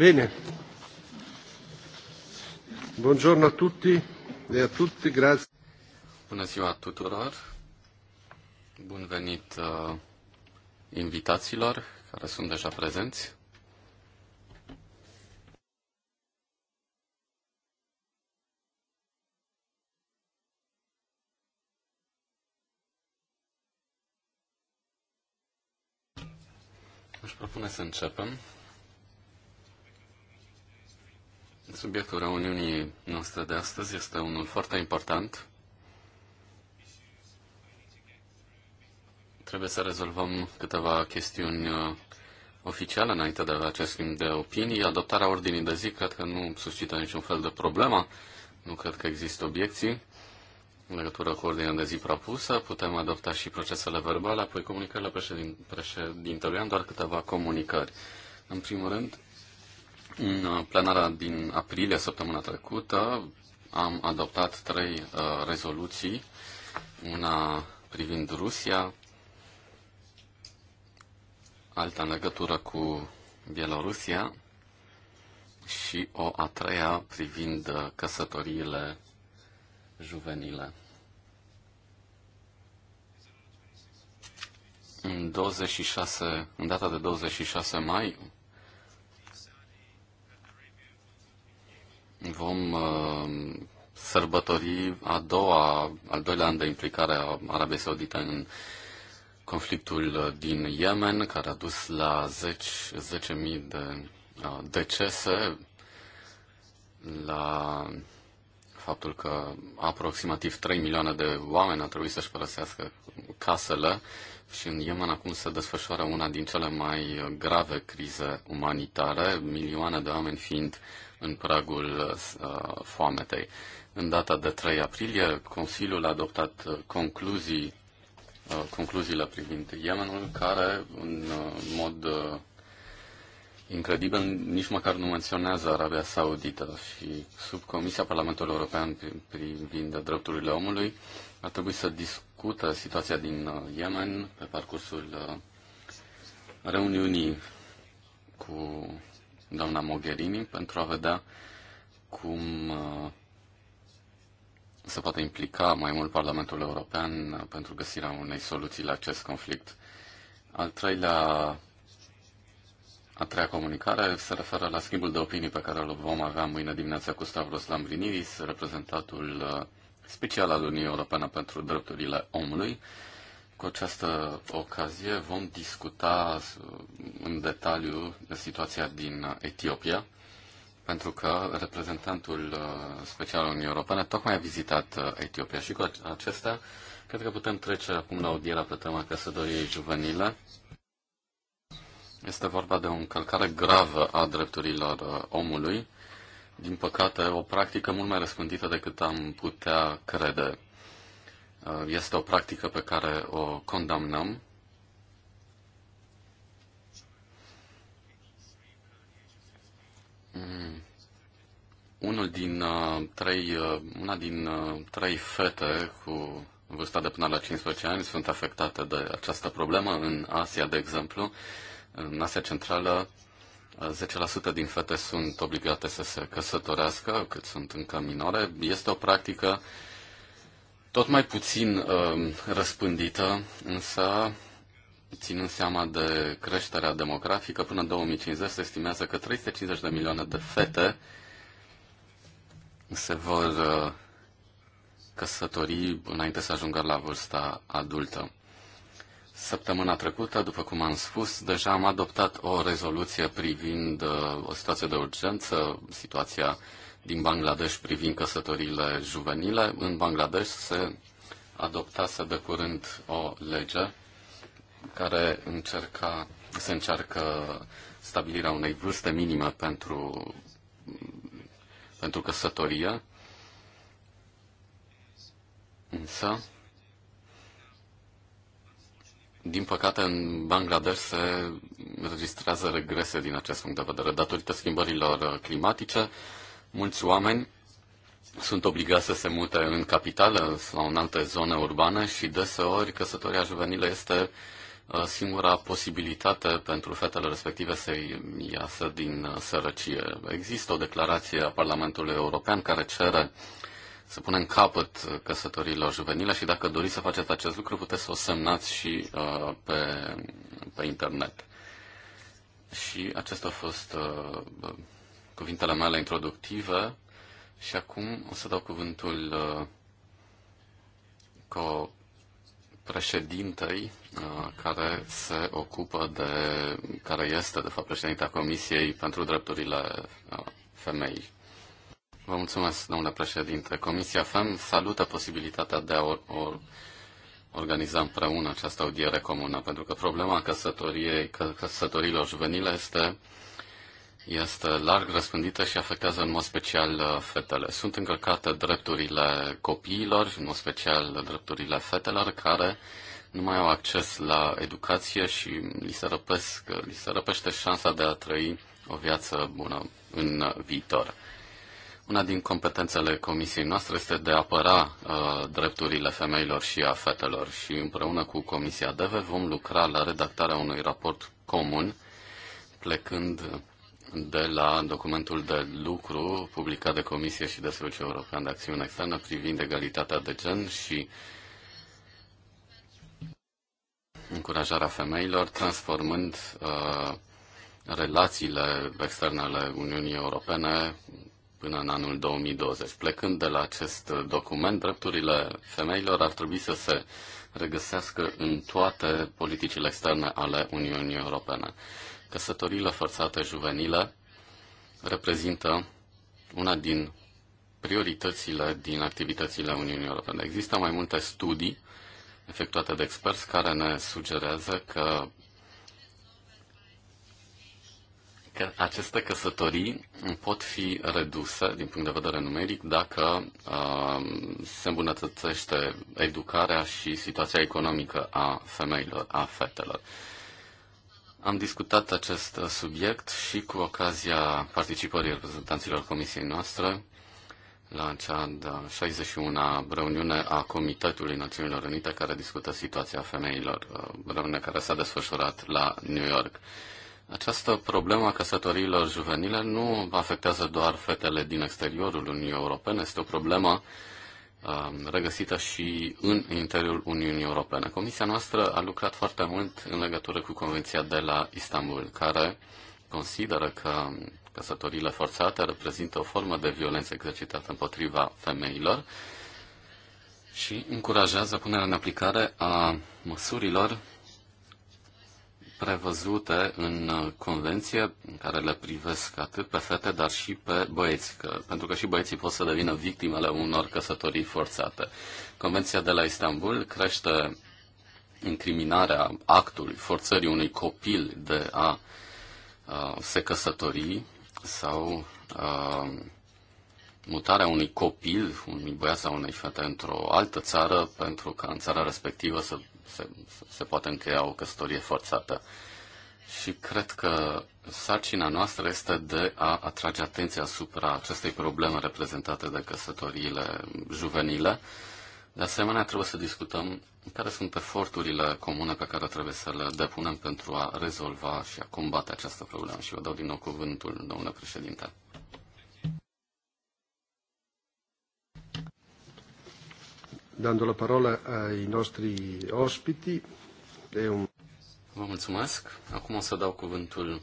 Bine. Buongiorno a tutti e a tutti, grazie. Bună ziua tuturor. Bun venit uh, invitațiilor care sunt deja prezenți. Aș propune să începem. Subiectul reuniunii noastre de astăzi este unul foarte important. Trebuie să rezolvăm câteva chestiuni uh, oficiale înainte de acest schimb de opinii. Adoptarea ordinii de zi cred că nu suscită niciun fel de problemă. Nu cred că există obiecții. În legătură cu ordinea de zi propusă, putem adopta și procesele verbale, apoi comunicările președin- președintelui. Am doar câteva comunicări. În primul rând, în uh, plenara din aprilie, săptămâna trecută, am adoptat trei uh, rezoluții, una privind Rusia, alta în legătură cu Bielorusia și o a treia privind uh, căsătoriile juvenile. În, 26, în data de 26 mai, vom uh, sărbători a doua, al doilea an de implicare a Arabiei Saudite în conflictul uh, din Yemen, care a dus la 10, de uh, decese, la faptul că aproximativ 3 milioane de oameni au trebuit să-și părăsească casele și în Yemen acum se desfășoară una din cele mai grave crize umanitare, milioane de oameni fiind în pragul uh, foametei. În data de 3 aprilie, Consiliul a adoptat uh, concluzii, uh, concluziile privind Yemenul, care în uh, mod uh, incredibil nici măcar nu menționează Arabia Saudită și sub Comisia Parlamentului European privind drepturile omului a trebuit să discută situația din uh, Yemen pe parcursul uh, reuniunii cu doamna Mogherini pentru a vedea cum uh, se poate implica mai mult Parlamentul European uh, pentru găsirea unei soluții la acest conflict. Al treilea, a treia comunicare se referă la schimbul de opinii pe care îl vom avea mâine dimineața cu Stavros Lambrinidis, reprezentatul uh, special al Uniunii Europene pentru drepturile omului. Cu această ocazie vom discuta uh, în detaliu situația din Etiopia, pentru că reprezentantul uh, special al Uniunii Europene tocmai a vizitat uh, Etiopia și cu acesta cred că putem trece acum la audierea pe tema căsătoriei juvenile. Este vorba de o încălcare gravă a drepturilor omului, din păcate o practică mult mai răspândită decât am putea crede Uh, este o practică pe care o condamnăm. Mm. Unul din uh, trei, uh, una din uh, trei fete cu vârsta de până la 15 ani sunt afectate de această problemă. În Asia, de exemplu, în Asia Centrală, 10% uh, din fete sunt obligate să se căsătorească, cât sunt încă minore. Este o practică uh, tot mai puțin uh, răspândită, însă ținând seama de creșterea demografică, până în 2050 se estimează că 350 de milioane de fete se vor uh, căsători înainte să ajungă la vârsta adultă. Săptămâna trecută, după cum am spus, deja am adoptat o rezoluție privind uh, o situație de urgență, situația uh, din Bangladesh privind căsătorile juvenile. În Bangladesh se adoptase de curând o lege care încerca, se încearcă stabilirea unei vârste minime pentru, pentru căsătorie. Însă, din păcate, în Bangladesh se registrează regrese din acest punct de vedere. Datorită schimbărilor climatice, Mulți oameni sunt obligați să se mute în capitală sau în alte zone urbane și deseori căsătoria juvenilă este uh, singura posibilitate pentru fetele respective să iasă din uh, sărăcie. Există o declarație a Parlamentului European care cere să punem capăt căsătorilor juvenile și dacă doriți să faceți acest lucru, puteți să o semnați și uh, pe, pe internet. Și acesta a fost uh, cuvintele mele introductive și acum o să dau cuvântul uh, co președintei uh, care se ocupă de, care este de fapt președinta Comisiei pentru Drepturile uh, Femei. Vă mulțumesc, domnule președinte. Comisia FEM salută posibilitatea de a or, or, organiza împreună această audiere comună, pentru că problema căsătoriei, căsătorilor juvenile este este larg răspândită și afectează în mod special uh, fetele. Sunt încălcate drepturile copiilor, în mod special drepturile fetelor, care nu mai au acces la educație și li se, răpesc, uh, li se răpește șansa de a trăi o viață bună în viitor. Una din competențele comisiei noastre este de a apăra uh, drepturile femeilor și a fetelor și împreună cu Comisia DEVE vom lucra la redactarea unui raport comun plecând de la documentul de lucru publicat de Comisie și de Serviciul European de Acțiune Externă privind egalitatea de gen și încurajarea femeilor, transformând uh, relațiile externe ale Uniunii Europene până în anul 2020. Plecând de la acest document, drepturile femeilor ar trebui să se regăsească în toate politicile externe ale Uniunii Europene. Căsătorile forțate juvenile reprezintă una din prioritățile din activitățile Uniunii Europene. Există mai multe studii efectuate de experți care ne sugerează că, că aceste căsătorii pot fi reduse din punct de vedere numeric dacă uh, se îmbunătățește educarea și situația economică a femeilor, a fetelor. Uh, am discutat acest subiect și cu ocazia participării reprezentanților comisiei noastre la cea de 61-a reuniune a Comitetului Națiunilor Unite care discută situația femeilor, uh, reuniune care s-a desfășurat la New York. Această problemă a căsătoriilor juvenile nu afectează doar fetele din exteriorul Uniunii Europene, este o problemă Um, regăsită și în interiorul Uniunii Europene. Comisia noastră a lucrat foarte mult în legătură cu Convenția de la Istanbul, care consideră că căsătorile forțate reprezintă o formă de violență exercitată împotriva femeilor și încurajează punerea în aplicare a măsurilor prevăzute în uh, convenție care le privesc atât pe fete, dar și pe băieți, că, pentru că și băieții pot să devină victimele unor căsătorii forțate. Convenția de la Istanbul crește incriminarea actului, forțării unui copil de a a uh, se căsători sau a, uh, mutarea unui copil, unui băiat sau unei fete într-o altă țară pentru ca în țara respectivă să se, se poate încheia o căsătorie forțată. Și cred că sarcina noastră este de a atrage atenția asupra acestei probleme reprezentate de căsătoriile juvenile. De asemenea, trebuie să discutăm care sunt eforturile comune pe care trebuie să le depunem pentru a rezolva și a combate această problemă. Și vă dau din nou cuvântul, domnule președinte. dando la parola ai nostri ospiti. E un... Vă mulțumesc. Acum o să dau cuvântul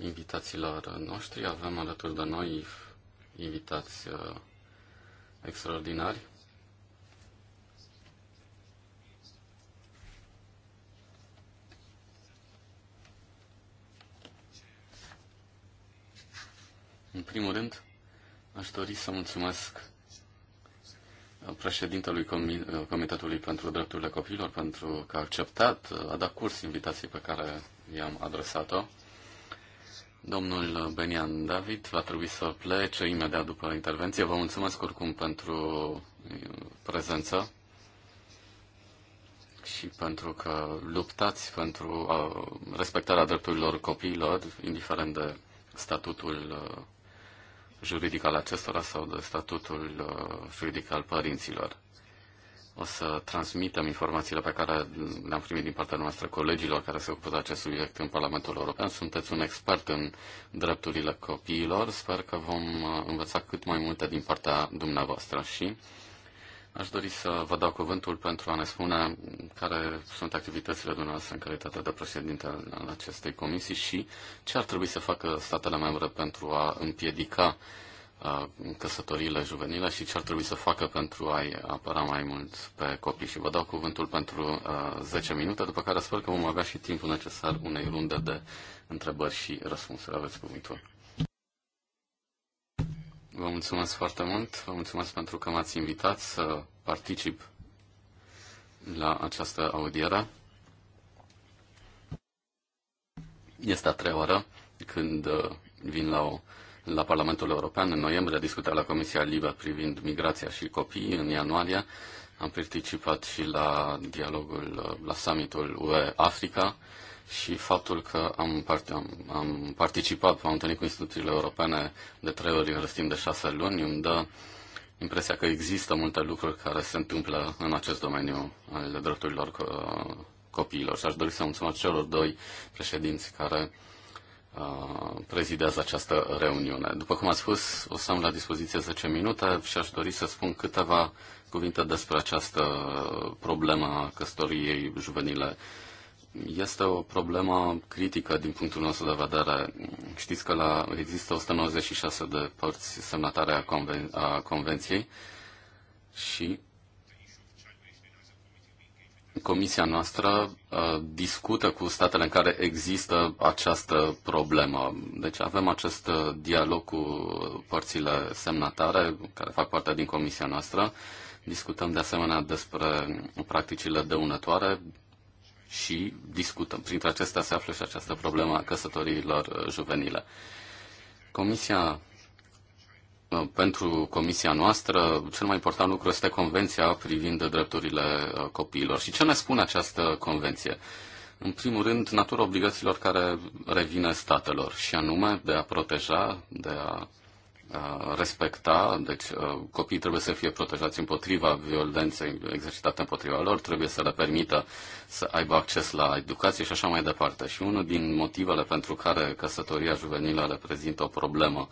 invitațiilor noștri. Avem alături de noi invitați uh, extraordinari. În primul rând, aș dori să mulțumesc președintelui Comitetului pentru Drepturile Copiilor pentru că a acceptat, a dat curs invitației pe care i-am adresat-o. Domnul Benian David va trebui să plece imediat după intervenție. Vă mulțumesc oricum pentru uh, prezență și pentru că luptați pentru uh, respectarea drepturilor copiilor, indiferent de statutul uh, juridic al acestora sau de statutul uh, juridic al părinților. O să transmitem informațiile pe care le-am primit din partea noastră colegilor care se ocupă de acest subiect în Parlamentul European. Sunteți un expert în drepturile copiilor. Sper că vom uh, învăța cât mai multe din partea dumneavoastră și Aș dori să vă dau cuvântul pentru a ne spune care sunt activitățile dumneavoastră în calitate de președinte al acestei comisii și ce ar trebui să facă statele membre pentru a împiedica căsătoriile juvenile și ce ar trebui să facă pentru a-i apăra mai mult pe copii. Și vă dau cuvântul pentru uh, 10 minute, după care sper că vom avea și timpul necesar unei runde de întrebări și răspunsuri. Aveți cuvântul. Vă mulțumesc foarte mult, vă mulțumesc pentru că m-ați invitat să particip la această audiere. Este a treia oară când uh, vin la, o, la Parlamentul European. În noiembrie discutat la Comisia Libă privind migrația și copiii. În ianuarie am participat și la dialogul, uh, la summitul UE-Africa și faptul că am, part- am, am participat, am întâlnit cu instituțiile europene de trei ori în timp de șase luni, îmi dă impresia că există multe lucruri care se întâmplă în acest domeniu al drepturilor copiilor. Și aș dori să mulțumesc celor doi președinți care prezidează această reuniune. După cum ați spus, o să am la dispoziție 10 minute și aș dori să spun câteva cuvinte despre această problemă a căsătoriei juvenile este o problemă critică din punctul nostru de vedere. Știți că la, există 196 de părți semnatare a, conven, a convenției și comisia noastră a, uh, discută cu statele în care există această problemă. Deci avem acest uh, dialog cu părțile semnatare care fac parte din comisia noastră. Discutăm de asemenea despre practicile dăunătoare, și discutăm. Printre acestea se află și această problemă a căsătoriilor uh, juvenile. Comisia uh, pentru comisia noastră, cel mai important lucru este convenția privind drepturile uh, copiilor. Și ce ne spune această convenție? În primul rând, natura obligațiilor care revine statelor, și anume de a proteja, de a respecta, deci copiii trebuie să fie protejați împotriva violenței exercitate împotriva lor, trebuie să le permită să aibă acces la educație și așa mai departe. Și unul din motivele pentru care căsătoria juvenilă reprezintă o problemă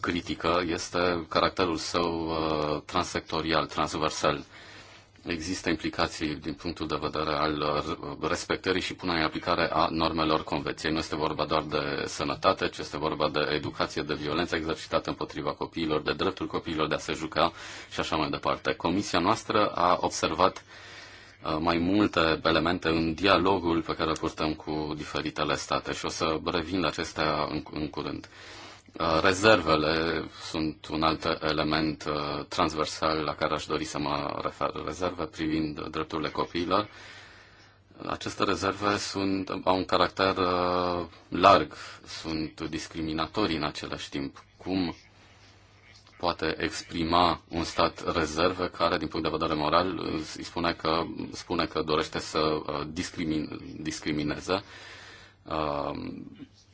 critică este caracterul său transsectorial, transversal există implicații din punctul de vedere al uh, respectării și punerii în aplicare a normelor convenției. Nu este vorba doar de sănătate, ci este vorba de educație, de violență exercitată împotriva copiilor, de dreptul copiilor de a se juca și așa mai departe. Comisia noastră a observat uh, mai multe elemente în dialogul pe care îl purtăm cu diferitele state și o să revin la acestea în, în curând. Uh, rezervele sunt un alt element uh, transversal la care aș dori să mă refer. Rezerve privind drepturile copiilor. Aceste rezerve sunt, au un caracter uh, larg, sunt discriminatorii în același timp. Cum poate exprima un stat rezerve care, din punct de vedere moral, îi spune că, spune că dorește să discrimin, discrimineze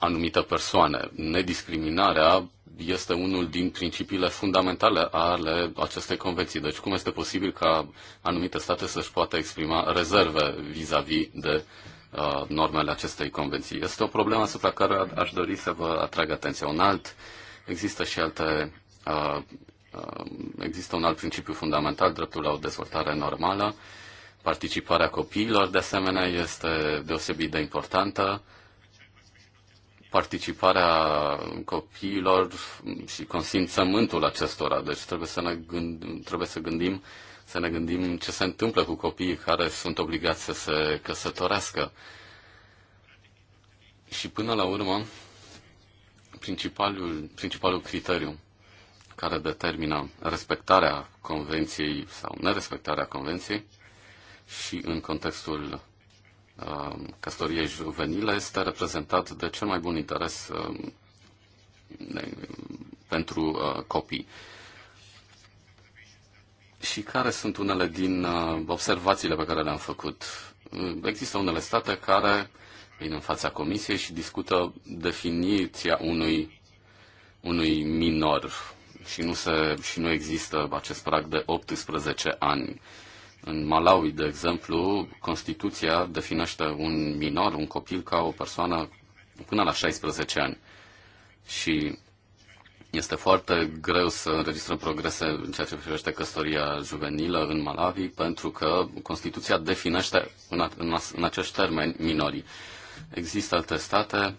anumite persoane. Nediscriminarea este unul din principiile fundamentale ale acestei convenții. Deci cum este posibil ca anumite state să-și poată exprima rezerve vis-a-vis -vis de uh, normele acestei convenții? Este o problemă asupra care aș dori să vă atrag atenția. Un alt, există și alte, uh, uh, există un alt principiu fundamental, dreptul la o dezvoltare normală. Participarea copiilor, de asemenea, este deosebit de importantă. Uh, participarea copiilor și consimțământul acestora. Deci trebuie să ne gândim, trebuie să gândim să ne gândim ce se întâmplă cu copiii care sunt obligați să se căsătorească. Și până la urmă, principalul, principalul criteriu care determină respectarea convenției sau nerespectarea convenției și în contextul Um, căsătoriei juvenile este reprezentat de cel mai bun interes um, pentru uh, copii. Și care sunt unele din uh, observațiile pe care le-am făcut? Uh, există unele state care vin în fața comisiei și discută definiția unui, unui minor și nu, se, și nu există acest prag de 18 ani. Uh, în Malawi, de exemplu, Constituția definește un minor, un copil, ca o persoană până la 16 ani. Și este foarte greu să înregistrăm progrese în ceea ce privește căsătoria juvenilă în Malawi, pentru că Constituția definește în, în, în acești termeni minorii. Există alte state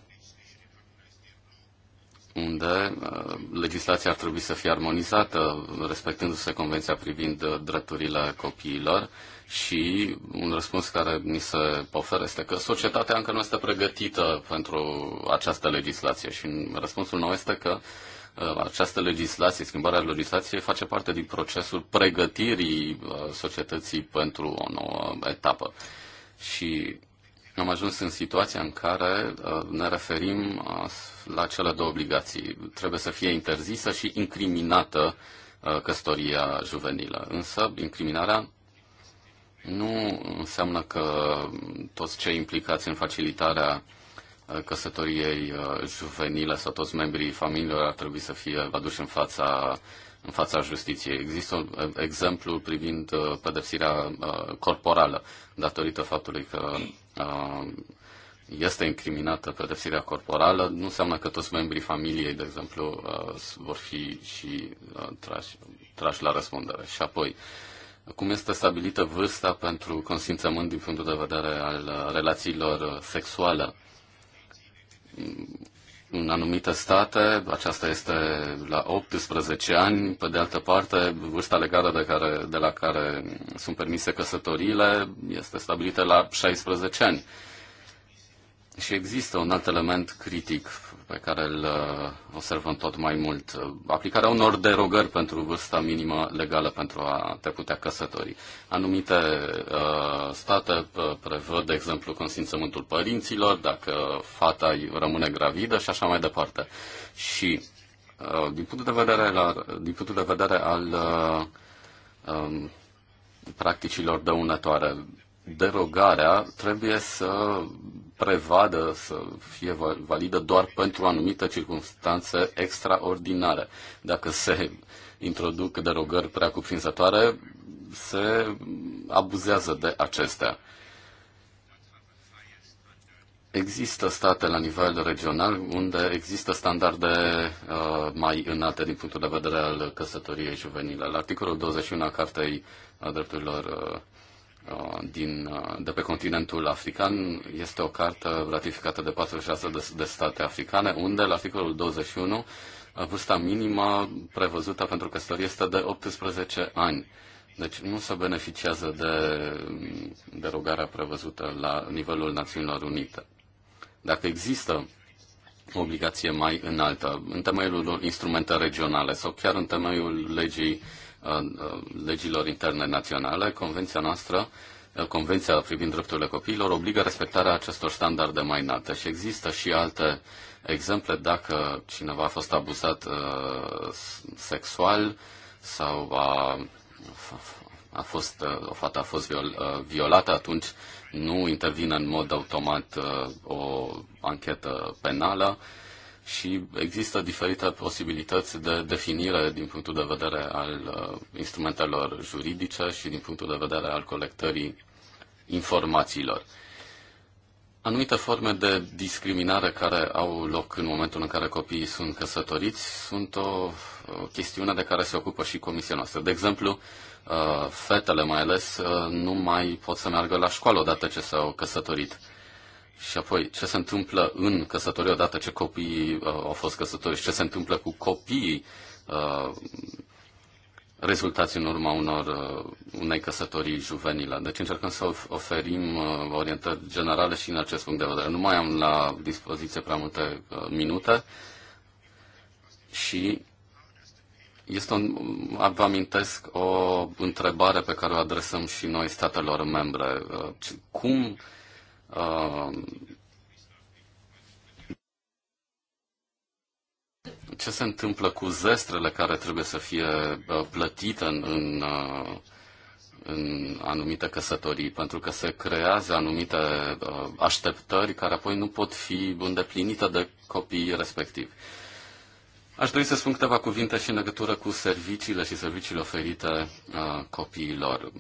unde uh, legislația ar trebui să fie armonizată, respectându-se convenția privind uh, drepturile copiilor și un răspuns care mi se oferă este că societatea încă nu este pregătită pentru această legislație și răspunsul nou este că uh, această legislație, schimbarea legislației face parte din procesul pregătirii societății pentru o nouă etapă. Și am ajuns în situația în care ne referim la cele două obligații. Trebuie să fie interzisă și incriminată uh, căsătoria juvenilă. Însă, incriminarea nu înseamnă că toți cei implicați în facilitarea uh, căsătoriei uh, juvenile sau toți membrii familiilor ar trebui să fie aduși în fața, în fața justiției. Există un exemplu privind pedepsirea corporală, datorită faptului că este incriminată pedepsirea corporală, nu înseamnă că toți membrii familiei, de exemplu, uh, vor fi și uh, trași, trași la răspundere. Și apoi, cum este stabilită vârsta pentru consimțământ din punctul de vedere al uh, relațiilor sexuale? Mm, în anumite state, aceasta este la 18 ani, pe de altă parte, vârsta legală de, care, de la care sunt permise căsătorile este stabilită la 16 ani. Și există un alt element critic pe care îl uh, observăm tot mai mult, aplicarea unor derogări pentru vârsta minimă legală pentru a te putea căsători. Anumite uh, state uh, prevăd, de exemplu, consimțământul părinților, dacă fata rămâne gravidă și așa mai departe. Și uh, din punctul de vedere, la, din punctul de vedere al uh, um, practicilor dăunătoare, derogarea trebuie să prevadă, să fie validă doar pentru anumite circunstanțe extraordinare. Dacă se introduc derogări prea cuprinzătoare, se abuzează de acestea. Există state la nivel regional unde există standarde uh, mai înalte din punctul de vedere al căsătoriei juvenile. La articolul 21 a Cartei a Drepturilor uh, Uh, din, uh, de pe continentul african este o carte ratificată de 46 de, de state africane, unde la articolul 21 uh, vârsta minimă prevăzută pentru căsătorie este de 18 ani. Deci nu se beneficiază de mm, derogarea prevăzută la nivelul Națiunilor Unite. Dacă există o obligație mai înaltă, în temeiul unor instrumente regionale sau chiar în temeiul legii uh, Uh, legilor interne naționale, convenția noastră, uh, convenția privind drepturile copiilor, obligă respectarea acestor standarde mai înalte și există și alte exemple dacă cineva a fost abuzat uh, sexual sau a, a fost, o fată a fost viol, violată, atunci nu intervine în mod automat o anchetă penală și există diferite posibilități de definire din punctul de vedere al uh, instrumentelor juridice și din punctul de vedere al colectării informațiilor. Anumite forme de discriminare care au loc în momentul în care copiii sunt căsătoriți sunt o, o chestiune de care se ocupă și comisia noastră. De exemplu, uh, fetele mai ales uh, nu mai pot să meargă la școală odată ce s-au căsătorit și apoi, ce se întâmplă în căsătorie odată ce copiii uh, au fost căsătoriți? Ce se întâmplă cu copiii uh, rezultați în urma unor, uh, unei căsătorii juvenile? Deci încercăm să oferim uh, orientări generale și în acest punct de vedere. Nu mai am la dispoziție prea multe uh, minute și este un, vă amintesc o întrebare pe care o adresăm și noi statelor membre. Uh, cum uh, Um, ce se întâmplă cu zestrele care trebuie să fie uh, plătite în, în, uh, în anumite căsătorii, pentru că se creează anumite uh, așteptări care apoi nu pot fi îndeplinite de copiii respectivi. Aș dori să spun câteva cuvinte și în legătură cu serviciile și serviciile oferite uh, copiilor.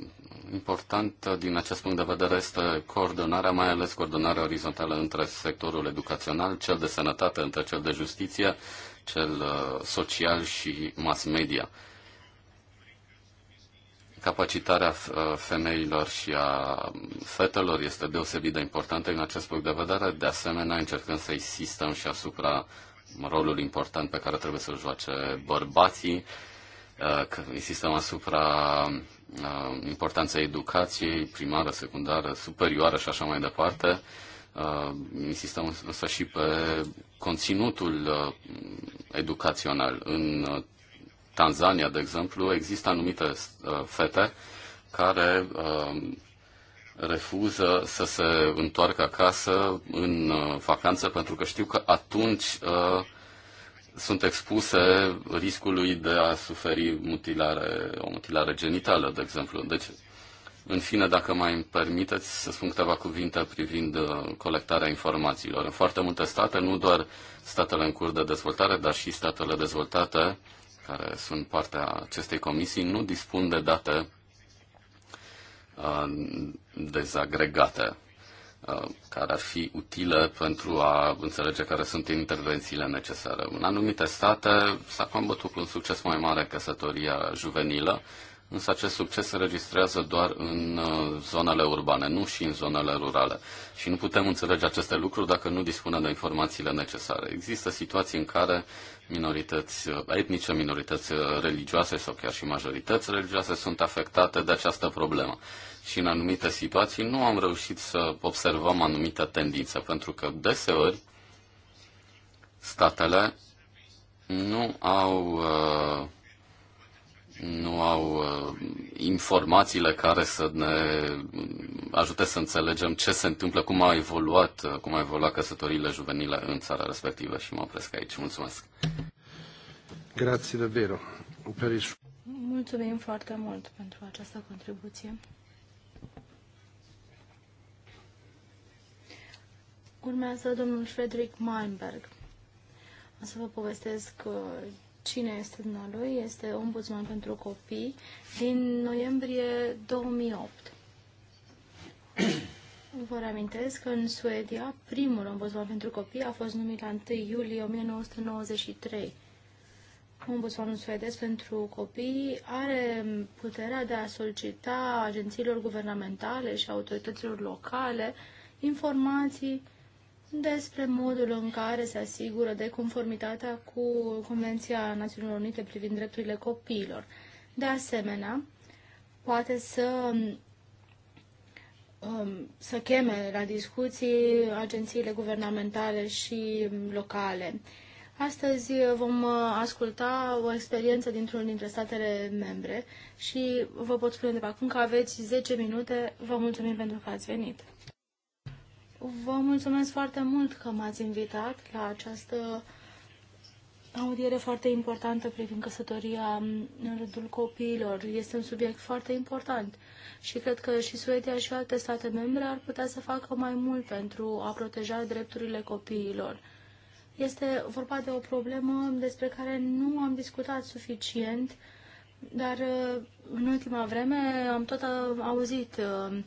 Important uh, din acest punct de vedere este coordonarea, mai ales coordonarea orizontală între sectorul educațional, cel de sănătate, între cel de justiție, cel uh, social și mass media. Capacitarea femeilor și a fetelor este deosebit de importantă în acest punct de vedere. De asemenea, încercăm să insistăm și asupra rolul important pe care trebuie să-l joace bărbații. Uh, insistăm asupra uh, importanței educației primară, secundară, superioară și așa mai departe. Uh, insistăm însă și pe conținutul educațional. În Tanzania, de exemplu, există anumite fete care refuză să se întoarcă acasă în uh, vacanță pentru că știu că atunci uh, sunt expuse riscului de a suferi mutilare, o mutilare genitală, de exemplu. Deci, în fine, dacă mai îmi permiteți să spun câteva cuvinte privind uh, colectarea informațiilor. În foarte multe state, nu doar statele în curs de dezvoltare, dar și statele dezvoltate, care sunt partea acestei comisii, nu dispun de date dezagregate uh, care ar fi utile pentru a înțelege care sunt intervențiile necesare. În anumite state s-a combătut cu un succes mai mare căsătoria juvenilă, însă acest succes se registrează doar în uh, zonele urbane, nu și în zonele rurale. Și nu putem înțelege aceste lucruri dacă nu dispunem de informațiile necesare. Există situații în care minorități uh, etnice, minorități religioase sau chiar și majorități religioase sunt afectate de această problemă și în anumite situații nu am reușit să observăm anumite tendințe, pentru că deseori statele nu au, uh, nu au uh, informațiile care să ne ajute să înțelegem ce se întâmplă, cum a evoluat, uh, cum a evoluat căsătorile juvenile în țara respectivă și mă opresc aici. Mulțumesc! Grazie davvero. Mulțumim foarte mult pentru această contribuție. Urmează domnul Frederick Meinberg. O să vă povestesc uh, cine este dumnealui. Este ombudsman pentru copii din noiembrie 2008. Vă reamintesc că în Suedia primul ombudsman pentru copii a fost numit la 1 iulie 1993. Ombudsmanul suedez pentru copii are puterea de a solicita agențiilor guvernamentale și autorităților locale informații despre modul în care se asigură de conformitatea cu Convenția Națiunilor Unite privind drepturile copiilor. De asemenea, poate să um, să cheme la discuții agențiile guvernamentale și locale. Astăzi vom uh, asculta o experiență dintr-unul dintre statele membre și vă pot spune de acum că aveți 10 minute. Vă mulțumim pentru că ați venit. Vă mulțumesc foarte mult că m-ați invitat la această audiere foarte importantă privind căsătoria în rândul copiilor. Este un subiect foarte important și cred că și Suedia și alte state membre ar putea să facă mai mult pentru a proteja drepturile copiilor. Este vorba de o problemă despre care nu am discutat suficient, dar uh, în ultima vreme am tot uh, auzit uh,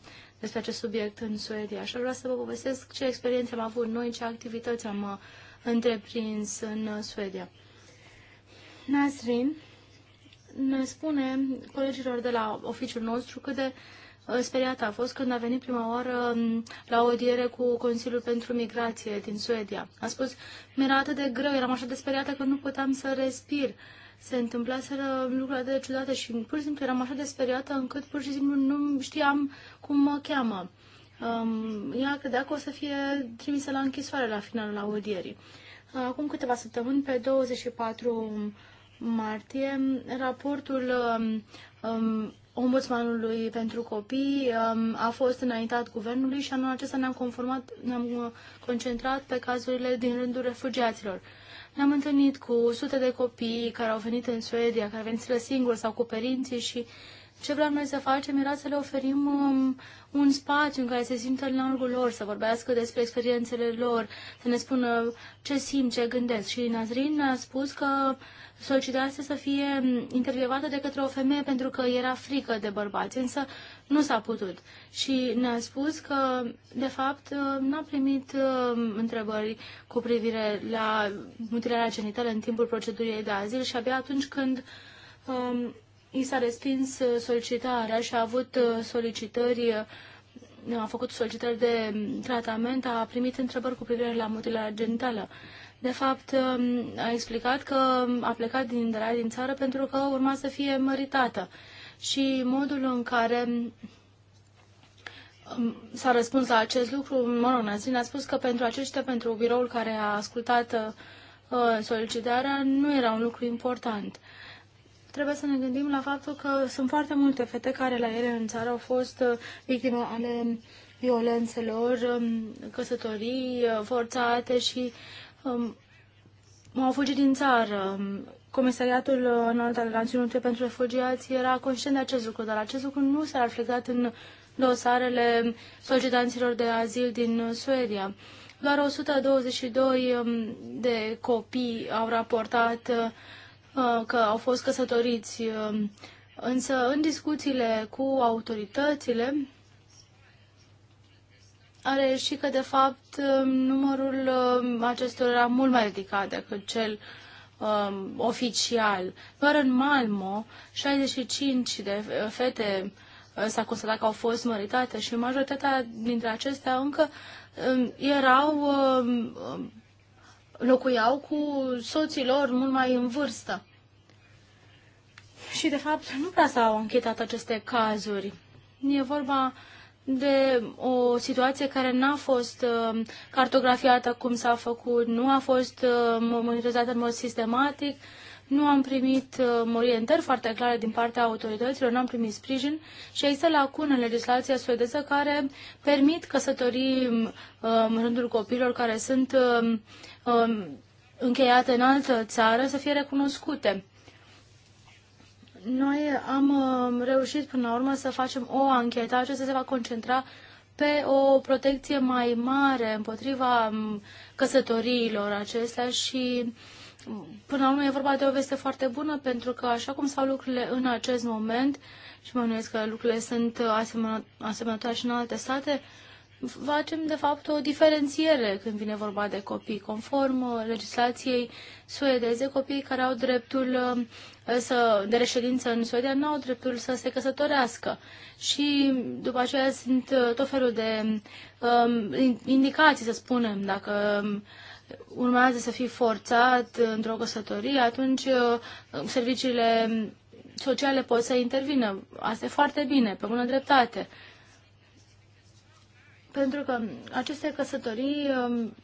despre acest subiect în Suedia și vreau să vă povestesc ce experiențe am avut noi, ce activități am uh, întreprins în uh, Suedia. Nasrin ne spune colegilor de la oficiul nostru cât de uh, speriat a fost când a venit prima oară um, la audiere cu Consiliul pentru Migrație din Suedia. A spus, mi-era atât de greu, eram așa de speriată că nu puteam să respir. Uh, se întâmplaseră lucruri atât de ciudate și pur și simplu eram așa de speriată încât pur și simplu nu știam cum mă cheamă. Um, ea credea că o să fie trimisă la închisoare la finalul audierii. Acum câteva săptămâni, pe 24 martie, raportul um, um, ombudsmanului pentru copii um, a fost înaintat guvernului și anul acesta ne-am, conformat, ne-am uh, concentrat pe cazurile din rândul refugiaților. Ne-am întâlnit cu sute de copii care au venit în Suedia, care au venit singuri sau cu părinții și ce vrem noi să facem era să le oferim um, un spațiu în care se simtă în largul lor, să vorbească despre experiențele lor, să ne spună ce simt, ce gândesc. Și Nazrin a spus că solicitase să fie um, intervievată de către o femeie pentru că era frică de bărbați, însă nu s-a putut. Și ne-a spus că, de fapt, uh, n-a primit um, întrebări cu privire la mutilarea genitală în timpul procedurii de azil și abia atunci când um, i s-a respins uh, solicitarea și a avut uh, solicitări, uh, a făcut solicitări de mm, tratament, a primit întrebări cu privire la mutilarea genitală. De fapt, um, a explicat că a plecat din, de la din țară pentru că urma să fie măritată. Și modul în care mm, um, s-a răspuns la acest lucru, mă rog, Nazrin a spus că pentru aceștia, pentru biroul care a ascultat solicitarea, nu era un lucru important trebuie să ne gândim la faptul că sunt foarte multe fete care la ele în țară au fost uh, victime ale violențelor, um, căsătorii uh, forțate și um, au fugit din țară. Comisariatul Înalt al Națiunilor Unite pentru Refugiați era conștient de acest lucru, dar acest lucru nu s-a reflectat în dosarele solicitanților de azil din Suedia. Doar 122 um, de copii au raportat uh, Uh, că au fost căsătoriți, um, însă în discuțiile cu autoritățile are și că, de fapt, um, numărul um, acestor era mult mai ridicat decât cel um, oficial. Doar în Malmo, 65 de fete uh, s-a constatat că au fost măritate și majoritatea dintre acestea încă um, erau um, locuiau cu soții lor mult mai în vârstă. Și, de fapt, nu prea s-au închetat aceste cazuri. E vorba de o situație care n-a fost uh, cartografiată cum s-a făcut, nu a fost uh, monitorizată în mod sistematic, nu am primit uh, orientări foarte clare din partea autorităților, nu am primit sprijin și există lacune în legislația suedeză care permit căsătorii în rândul copiilor care sunt Um, încheiate în altă țară să fie recunoscute. Noi am um, reușit până la urmă să facem o anchetă, aceasta se va concentra pe o protecție mai mare împotriva um, căsătoriilor acestea și până la urmă e vorba de o veste foarte bună pentru că așa cum stau lucrurile în acest moment și mă că lucrurile sunt asemănătoare și în alte state, facem, de fapt, o diferențiere când vine vorba de copii. Conform uh, legislației suedeze, copiii care au dreptul uh, să, de reședință în Suedia nu au dreptul să se căsătorească. Și după aceea sunt uh, tot felul de um, indicații, să spunem, dacă um, urmează să fii forțat într-o căsătorie, atunci serviciile sociale pot să intervină. Asta e foarte bine, pe bună dreptate pentru că aceste căsătorii um,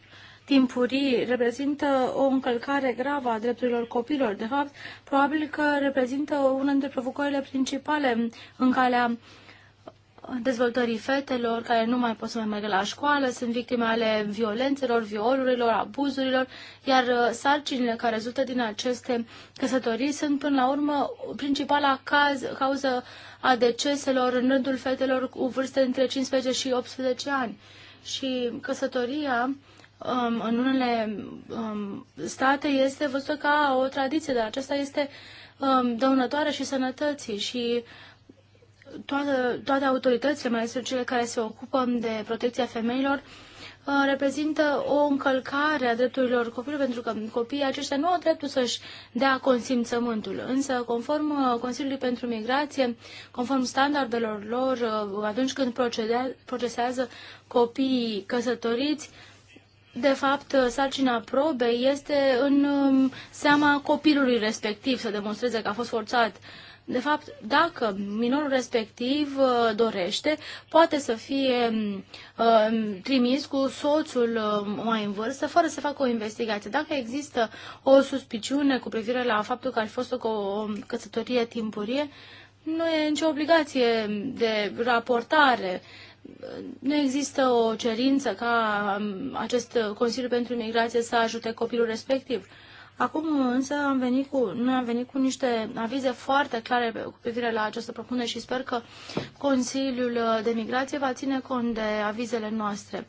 timpurii reprezintă o încălcare gravă a drepturilor copilor. De fapt, probabil că reprezintă una dintre provocările principale în calea dezvoltării fetelor care nu mai pot să mai meargă la școală, sunt victime ale violențelor, violurilor, abuzurilor, iar uh, sarcinile care rezultă din aceste căsătorii sunt până la urmă principala caz, cauză a deceselor în rândul fetelor cu vârste între 15 și 18 ani. Și căsătoria um, în unele um, state este văzută ca o tradiție, dar aceasta este um, dăunătoare și sănătății și uh, toate, toate autoritățile, mai ales cele care se ocupă de protecția femeilor, uh, reprezintă o încălcare a drepturilor copiilor, pentru că copiii aceștia nu au dreptul să-și dea consimțământul. Însă, conform uh, Consiliului pentru Migrație, conform standardelor lor, uh, atunci când procesează copiii căsătoriți, de fapt, sarcina probei este în um, seama copilului respectiv să demonstreze că a fost forțat uh, de fapt, dacă minorul respectiv uh, dorește, poate să fie uh, trimis cu soțul uh, mai în vârstă, fără să facă o investigație. Dacă există o suspiciune cu privire la faptul că ar fi fost o, căsătorie timpurie, nu e nicio obligație de raportare nu există o cerință ca um, acest Consiliu pentru Migrație să ajute copilul respectiv. Acum însă am venit cu, noi am venit cu niște avize foarte clare cu privire la această propunere și sper că Consiliul de Migrație va ține cont de avizele noastre.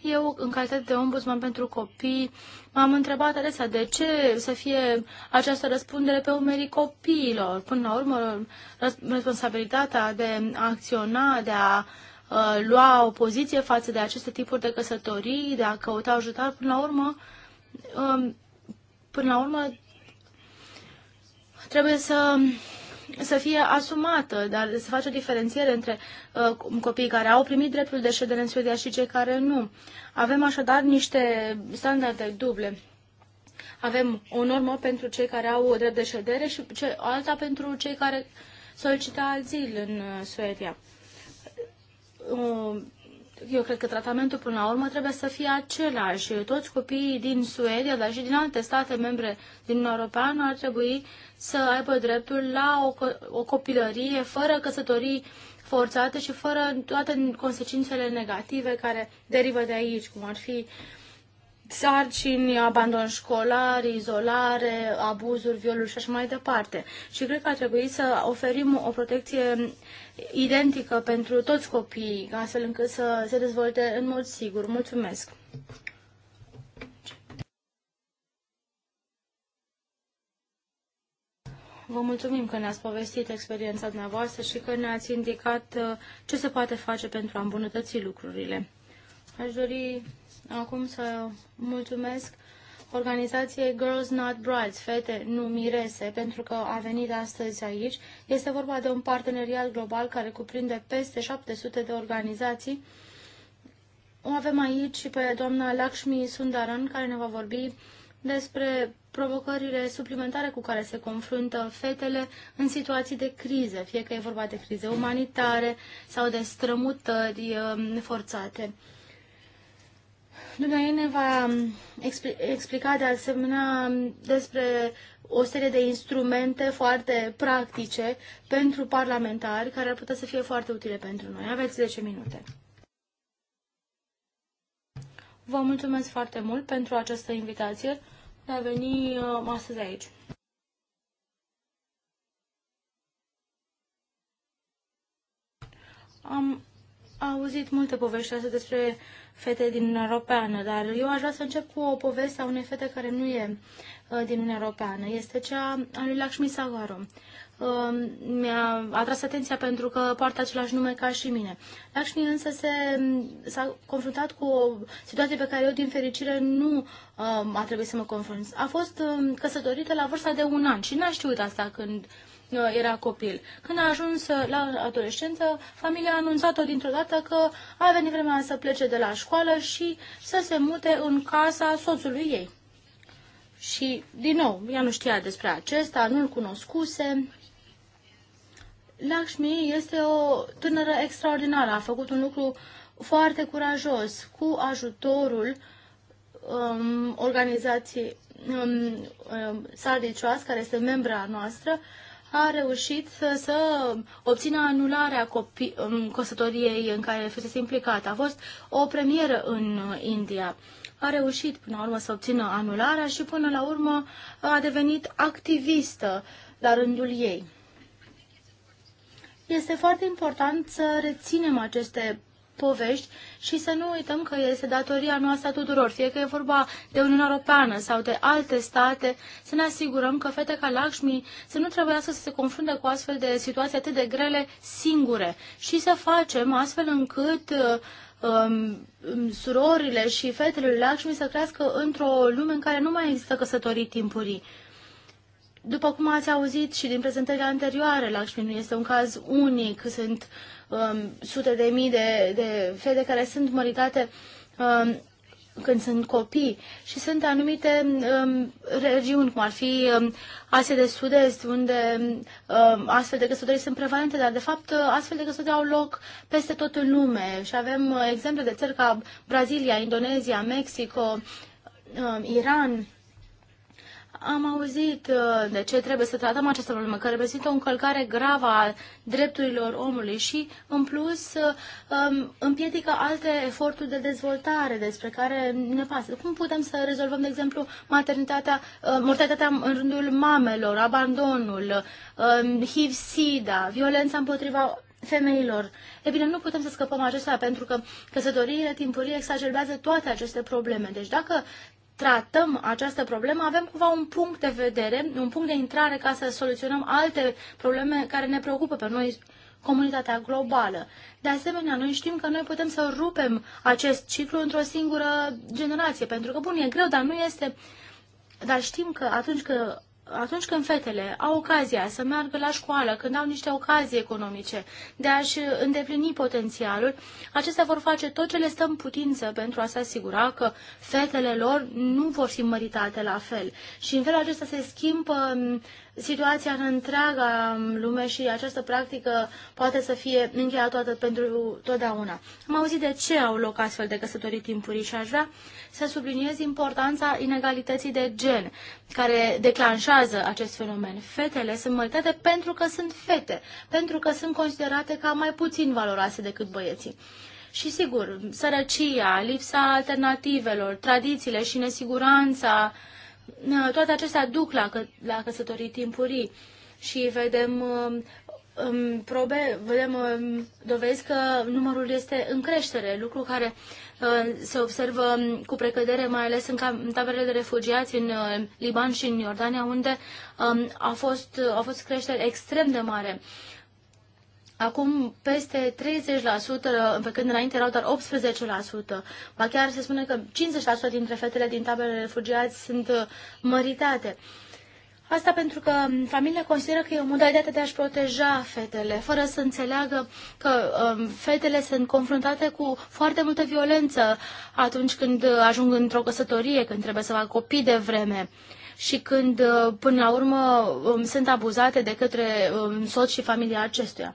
Eu, în calitate de ombudsman pentru copii, m-am întrebat adesea de ce să fie această răspundere pe umerii copiilor. Până la urmă, responsabilitatea de a acționa, de a uh, lua o poziție față de aceste tipuri de căsătorii, de a căuta ajutor, până la urmă, uh, până la urmă, trebuie să să fie asumată, dar să face o diferențiere între uh, copiii care au primit dreptul de ședere în Suedia și cei care nu. Avem așadar niște standarde duble. Avem o normă pentru cei care au drept de ședere și ce, alta pentru cei care solicită azil în uh, Suedia. Uh, eu cred că tratamentul până la urmă trebuie să fie același. Toți copiii din Suedia, dar și din alte state membre din Europeană ar trebui să aibă dreptul la o, o copilărie fără căsătorii forțate și fără toate consecințele negative care derivă de aici, cum ar fi sarcini, abandon școlar, izolare, abuzuri, violuri și așa mai departe. Și cred că ar trebui să oferim o protecție identică pentru toți copiii, astfel încât să se dezvolte în mod sigur. Mulțumesc! Vă mulțumim că ne-ați povestit experiența dumneavoastră și că ne-ați indicat uh, ce se poate face pentru a îmbunătăți lucrurile. Aș dori acum să mulțumesc organizației Girls Not Brides, Fete Nu Mirese, pentru că a venit astăzi aici. Este vorba de un parteneriat global care cuprinde peste 700 de organizații. O avem aici și pe doamna Lakshmi Sundaran, care ne va vorbi despre provocările suplimentare cu care se confruntă fetele în situații de criză, fie că e vorba de crize umanitare sau de strămutări um, forțate. Dumnezeu ne va um, explica de asemenea um, despre o serie de instrumente foarte practice pentru parlamentari care ar putea să fie foarte utile pentru noi. Aveți 10 minute. Vă mulțumesc foarte mult pentru această invitație de a veni uh, astăzi aici. Am auzit multe povești astăzi despre fete din Uniunea Europeană, dar eu aș vrea să încep cu o poveste a unei fete care nu e uh, din Uniunea Europeană. Este cea a lui Lakshmi Uh, Mi-a atras atenția pentru că poartă același nume ca și mine. Lakshmi însă se, s-a confruntat cu o situație pe care eu, din fericire, nu um, a trebuit să mă confrunt. A fost um, căsătorită la vârsta de un an și n-a știut asta când uh, Uh, era copil. Când a ajuns uh, la adolescență, familia a anunțat-o dintr-o dată că a venit vremea să plece de la școală și să se mute în casa soțului ei. Și, din nou, ea nu știa despre acesta, nu-l cunoscuse. Lakshmi este o tânără extraordinară, a făcut un lucru foarte curajos cu ajutorul um, organizației um, um, Sardicioas, care este membra noastră, a reușit să, să obțină anularea um, căsătoriei în care fusese implicat. A fost o premieră în India. A reușit până la urmă să obțină anularea și până la urmă a devenit activistă la rândul ei. Este foarte important să reținem aceste povești și să nu uităm că este datoria noastră a tuturor, fie că e vorba de Uniunea Europeană sau de alte state, să ne asigurăm că fete ca Lakshmi să nu trebuiască să se confrunte cu astfel de situații atât de grele singure și să facem astfel încât uh, um, surorile și fetele lui Lakshmi să crească într-o lume în care nu mai există căsătorii timpurii. După cum ați auzit și din prezentările anterioare, Lakshmi nu este un caz unic. Sunt um, sute de mii de, de fete care sunt măritate um, când sunt copii și sunt anumite um, regiuni, cum ar fi um, Asia de Sud-Est, unde um, astfel de căsătorii sunt prevalente, dar de fapt astfel de căsătorii au loc peste tot în lume și avem uh, exemple de țări ca Brazilia, Indonezia, Mexico, um, Iran, am auzit uh, de ce trebuie să tratăm această problemă, că reprezintă o încălcare gravă a drepturilor omului și, în plus, uh, um, împiedică alte eforturi de dezvoltare despre care ne pasă. Cum putem să rezolvăm, de exemplu, maternitatea, uh, mortalitatea în rândul mamelor, abandonul, um, HIV-SIDA, violența împotriva femeilor. E bine, nu putem să scăpăm acestea pentru că căsătoriile timpurii exagerează toate aceste probleme. Deci dacă tratăm această problemă, avem cumva un punct de vedere, un punct de intrare ca să soluționăm alte probleme care ne preocupă pe noi comunitatea globală. De asemenea, noi știm că noi putem să rupem acest ciclu într-o singură generație, pentru că, bun, e greu, dar nu este... Dar știm că atunci când atunci când fetele au ocazia să meargă la școală, când au niște ocazii economice de a-și îndeplini potențialul, acestea vor face tot ce le stă în putință pentru a se asigura că fetele lor nu vor fi măritate la fel. Și în felul acesta se schimbă situația în întreaga lume și această practică poate să fie încheiată pentru totdeauna. Am auzit de ce au loc astfel de căsătorii timpurii și aș vrea să subliniez importanța inegalității de gen care declanșează acest fenomen. Fetele sunt măritate pentru că sunt fete, pentru că sunt considerate ca mai puțin valoroase decât băieții. Și sigur, sărăcia, lipsa alternativelor, tradițiile și nesiguranța uh, toate acestea duc la, că, la căsătorii timpurii și vedem um, um, probe, vedem um, dovezi că numărul este în creștere, lucru care uh, se observă um, cu precădere mai ales în, cam, în taberele de refugiați în uh, Liban și în Iordania, unde um, a fost, uh, a fost creștere extrem de mare. Uh, Acum peste 30%, pe când înainte erau doar 18%. Ba chiar se spune că 50% dintre fetele din taberele refugiați sunt uh, măritate. Asta pentru că um, familia consideră că e o modalitate de a-și proteja fetele, fără să înțeleagă că um, fetele sunt confruntate cu foarte multă violență atunci când uh, ajung într-o căsătorie, când trebuie să fac copii de vreme și când, uh, până la urmă, um, sunt abuzate de către um, soț și familia acestuia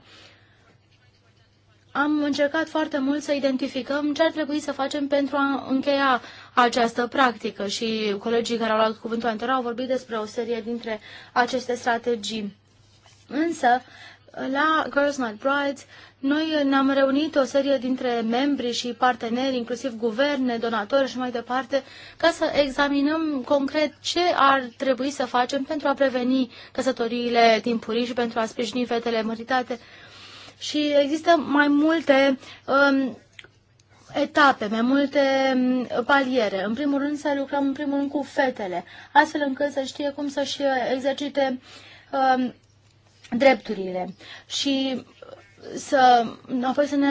am încercat foarte mult să identificăm ce ar trebui să facem pentru a încheia această practică și colegii care au luat cuvântul anterior au vorbit despre o serie dintre aceste strategii. Însă, la Girls Not Brides, noi ne-am reunit o serie dintre membri și parteneri, inclusiv guverne, donatori și mai departe, ca să examinăm concret ce ar trebui să facem pentru a preveni căsătoriile timpurii și pentru a sprijini fetele măritate și există mai multe um, etape, mai multe um, paliere. În primul rând să lucrăm în primul rând cu fetele, astfel încât să știe cum să-și uh, exercite um, drepturile și să, apoi să ne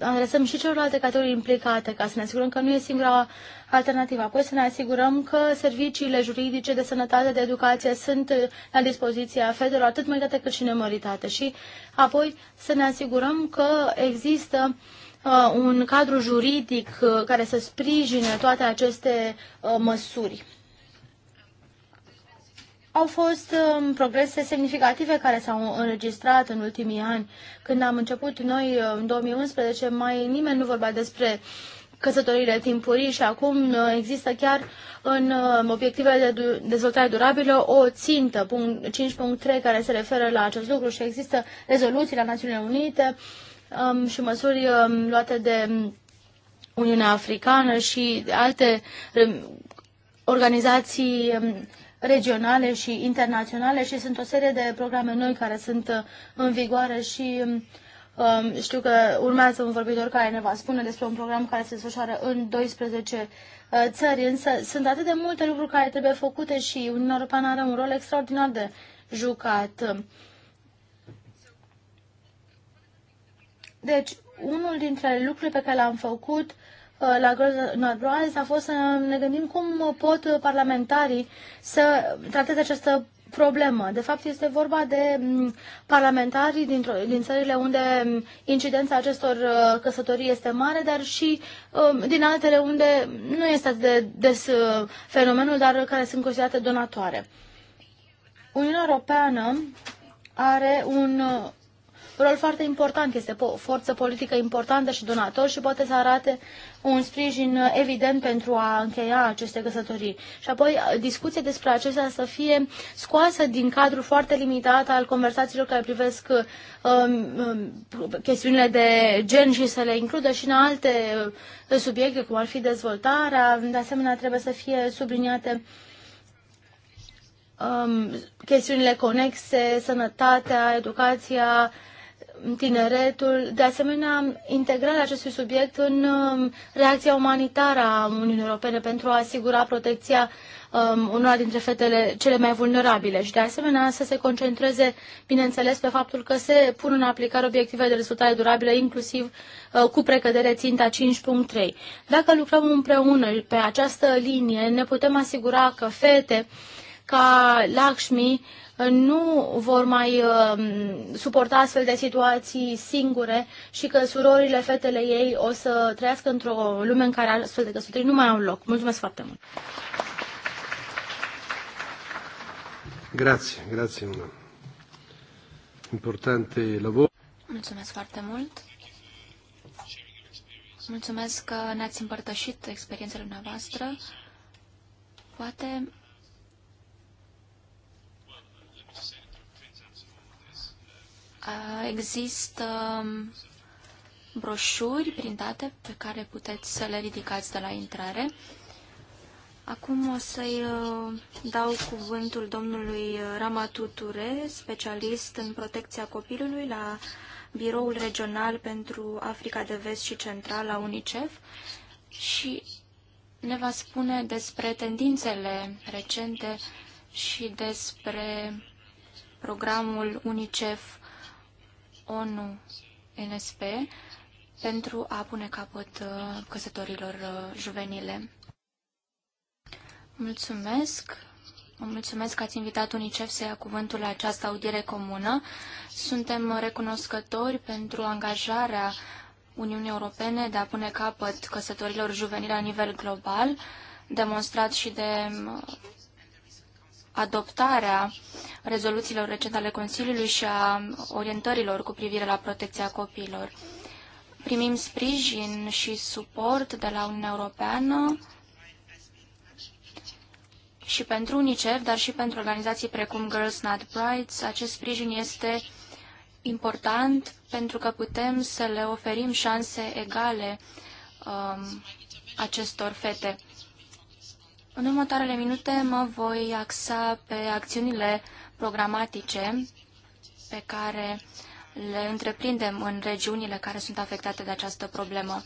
adresăm și celorlalte categorii implicate, ca să ne asigurăm că nu e singura alternativă. Apoi să ne asigurăm că serviciile juridice de sănătate, de educație sunt la dispoziția fetelor, atât măritate cât și nemăritate. Și apoi să ne asigurăm că există uh, un cadru juridic uh, care să sprijine toate aceste uh, măsuri au fost um, progrese semnificative care s-au înregistrat în ultimii ani. Când am început noi uh, în 2011, mai nimeni nu vorbea despre căsătorire timpurii și acum uh, există chiar în uh, obiectivele de dezvoltare durabilă o țintă, 5.3, care se referă la acest lucru și există rezoluții la Națiunile Unite um, și măsuri um, luate de Uniunea Africană și alte um, organizații regionale și internaționale și sunt o serie de programe noi care sunt uh, în vigoare și Um, știu că urmează un vorbitor care ne va spune despre un program care se desfășoară în 12 uh, țări, însă sunt atât de multe lucruri care trebuie făcute și Uniunea Europeană are un rol extraordinar de jucat. Deci, unul dintre lucrurile pe care le-am făcut uh, la Noroaz a fost să ne gândim cum pot parlamentarii să trateze această problemă. De fapt, este vorba de mm, parlamentari din, din țările unde mm, incidența acestor uh, căsătorii este mare, dar și um, din altele unde nu este atât de des uh, fenomenul, dar care sunt considerate donatoare. Uniunea Europeană are un uh, rol foarte important, este o forță politică importantă și donator și poate să arate un sprijin evident pentru a încheia aceste căsătorii. Și apoi discuția despre acestea să fie scoasă din cadrul foarte limitat al conversațiilor care privesc um, um chestiunile de gen și să le includă și în alte uh, subiecte, cum ar fi dezvoltarea. De asemenea, trebuie să fie subliniate um, chestiunile conexe, sănătatea, educația, tineretul, de asemenea integrarea acestui subiect în um, reacția umanitară a Uniunii Europene pentru a asigura protecția um, unora dintre fetele cele mai vulnerabile și de asemenea să se concentreze, bineînțeles, pe faptul că se pun în aplicare obiective de rezultate durabile, inclusiv uh, cu precădere ținta 5.3. Dacă lucrăm împreună pe această linie, ne putem asigura că fete ca Lakshmi nu vor mai um, suporta astfel de situații singure și că surorile, fetele ei o să trăiască într-o lume în care astfel de căsătorii nu mai au loc. Mulțumesc foarte mult! Grazie, grazie. Importante lavoro. Mulțumesc foarte mult. Mulțumesc că ne-ați împărtășit experiențele noastre. Poate Uh, există um, broșuri printate pe care puteți să le ridicați de la intrare. Acum o să-i uh, dau cuvântul domnului Rama Tuture, specialist în protecția copilului la Biroul Regional pentru Africa de Vest și Central la UNICEF și ne va spune despre tendințele recente și despre programul UNICEF ONU NSP pentru a pune capăt uh, căsătorilor uh, juvenile. Mulțumesc! Mulțumesc că ați invitat UNICEF să ia cuvântul la această audiere comună. Suntem recunoscători pentru angajarea Uniunii Europene de a pune capăt căsătorilor juvenile la nivel global, demonstrat și de adoptarea rezoluțiilor recente ale Consiliului și a orientărilor cu privire la protecția copiilor. Primim sprijin și suport de la Uniunea Europeană și pentru UNICEF, dar și pentru organizații precum Girls Not Brides. Acest sprijin este important pentru că putem să le oferim șanse egale um, acestor fete. În următoarele minute mă voi axa pe acțiunile programatice pe care le întreprindem în regiunile care sunt afectate de această problemă.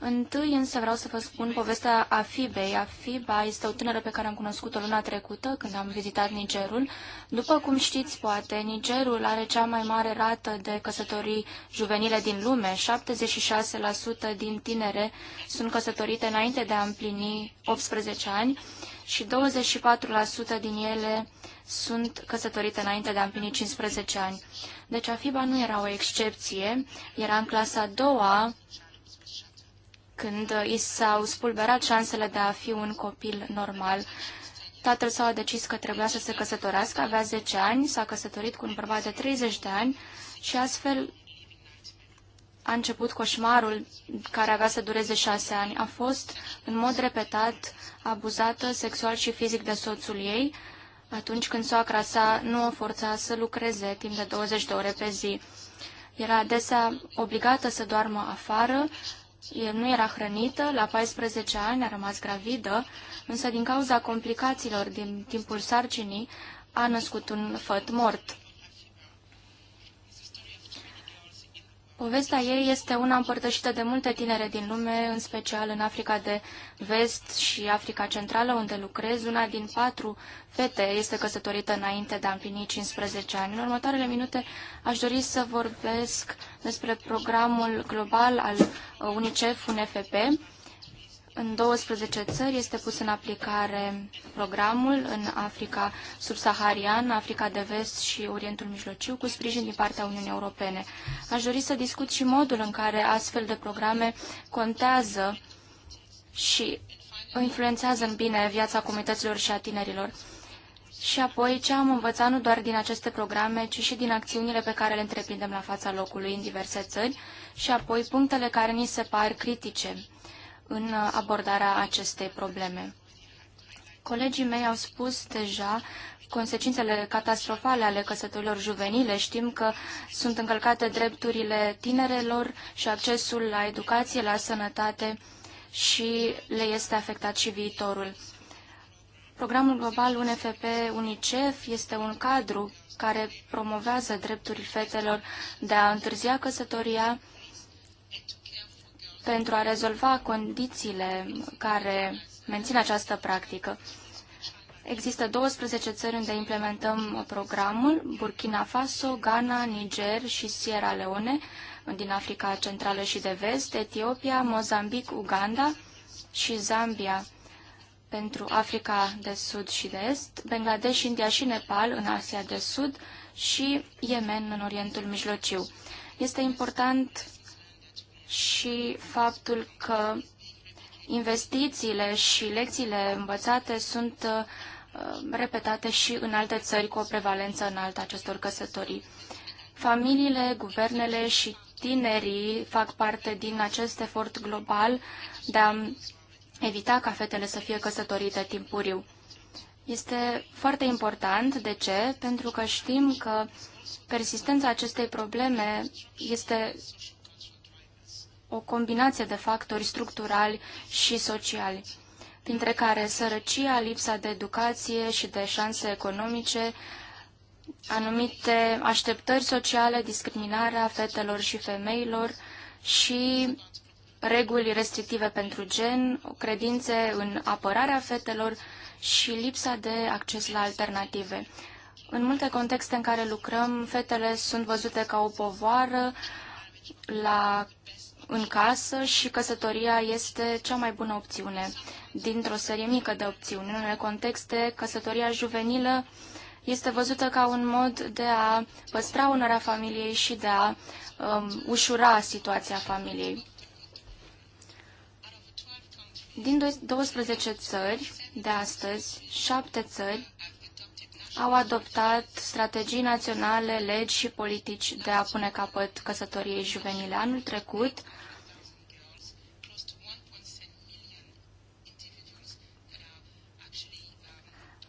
Întâi însă vreau să vă spun povestea Afibei. Afiba este o tânără pe care am cunoscut-o luna trecută când am vizitat Nigerul. După cum știți, poate, Nigerul are cea mai mare rată de căsătorii juvenile din lume. 76% din tinere sunt căsătorite înainte de a împlini 18 ani și 24% din ele sunt căsătorite înainte de a împlini 15 ani. Deci Afiba nu era o excepție, era în clasa a doua când uh, i s-au spulberat șansele de a fi un copil normal. Tatăl său a decis că trebuia să se căsătorească, avea 10 ani, s-a căsătorit cu un bărbat de 30 de ani și astfel a început coșmarul care avea să dureze 6 ani. A fost în mod repetat abuzată sexual și fizic de soțul ei atunci când soacra sa nu o forța să lucreze timp de 20 de ore pe zi. Era adesea obligată să doarmă afară, nu era hrănită, la 14 ani a rămas gravidă, însă din cauza complicațiilor din timpul sarcinii a născut un făt mort. Povestea ei este una împărtășită de multe tinere din lume, în special în Africa de Vest și Africa Centrală, unde lucrez. Una din patru fete este căsătorită înainte de a împlini 15 ani. În următoarele minute aș dori să vorbesc despre programul global al UNICEF, UNFP, în 12 țări este pus în aplicare programul în Africa subsahariană, Africa de Vest și Orientul Mijlociu, cu sprijin din partea Uniunii Europene. Aș dori să discut și modul în care astfel de programe contează și influențează în bine viața comunităților și a tinerilor. Și apoi ce am învățat nu doar din aceste programe, ci și din acțiunile pe care le întreprindem la fața locului în diverse țări și apoi punctele care ni se par critice în abordarea acestei probleme. Colegii mei au spus deja consecințele catastrofale ale căsătorilor juvenile. Știm că sunt încălcate drepturile tinerelor și accesul la educație, la sănătate și le este afectat și viitorul. Programul global UNFP-UNICEF este un cadru care promovează drepturile fetelor de a întârzia căsătoria, pentru a rezolva condițiile care mențin această practică. Există 12 țări unde implementăm programul, Burkina Faso, Ghana, Niger și Sierra Leone, din Africa Centrală și de Vest, Etiopia, Mozambic, Uganda și Zambia pentru Africa de Sud și de Est, Bangladesh, India și Nepal în Asia de Sud și Yemen în Orientul Mijlociu. Este important și faptul că investițiile și lecțiile învățate sunt uh, repetate și în alte țări cu o prevalență înaltă acestor căsătorii. Familiile, guvernele și tinerii fac parte din acest efort global de a evita ca fetele să fie căsătorite timpuriu. Este foarte important. De ce? Pentru că știm că persistența acestei probleme este o combinație de factori structurali și sociali, dintre care sărăcia, lipsa de educație și de șanse economice, anumite așteptări sociale, discriminarea fetelor și femeilor și reguli restrictive pentru gen, credințe în apărarea fetelor și lipsa de acces la alternative. În multe contexte în care lucrăm, fetele sunt văzute ca o povară la în casă și căsătoria este cea mai bună opțiune dintr-o serie mică de opțiuni. În unele contexte, căsătoria juvenilă este văzută ca un mod de a păstra onoarea familiei și de a um, ușura situația familiei. Din 12 țări de astăzi, 7 țări au adoptat strategii naționale, legi și politici de a pune capăt căsătoriei juvenile. Anul trecut,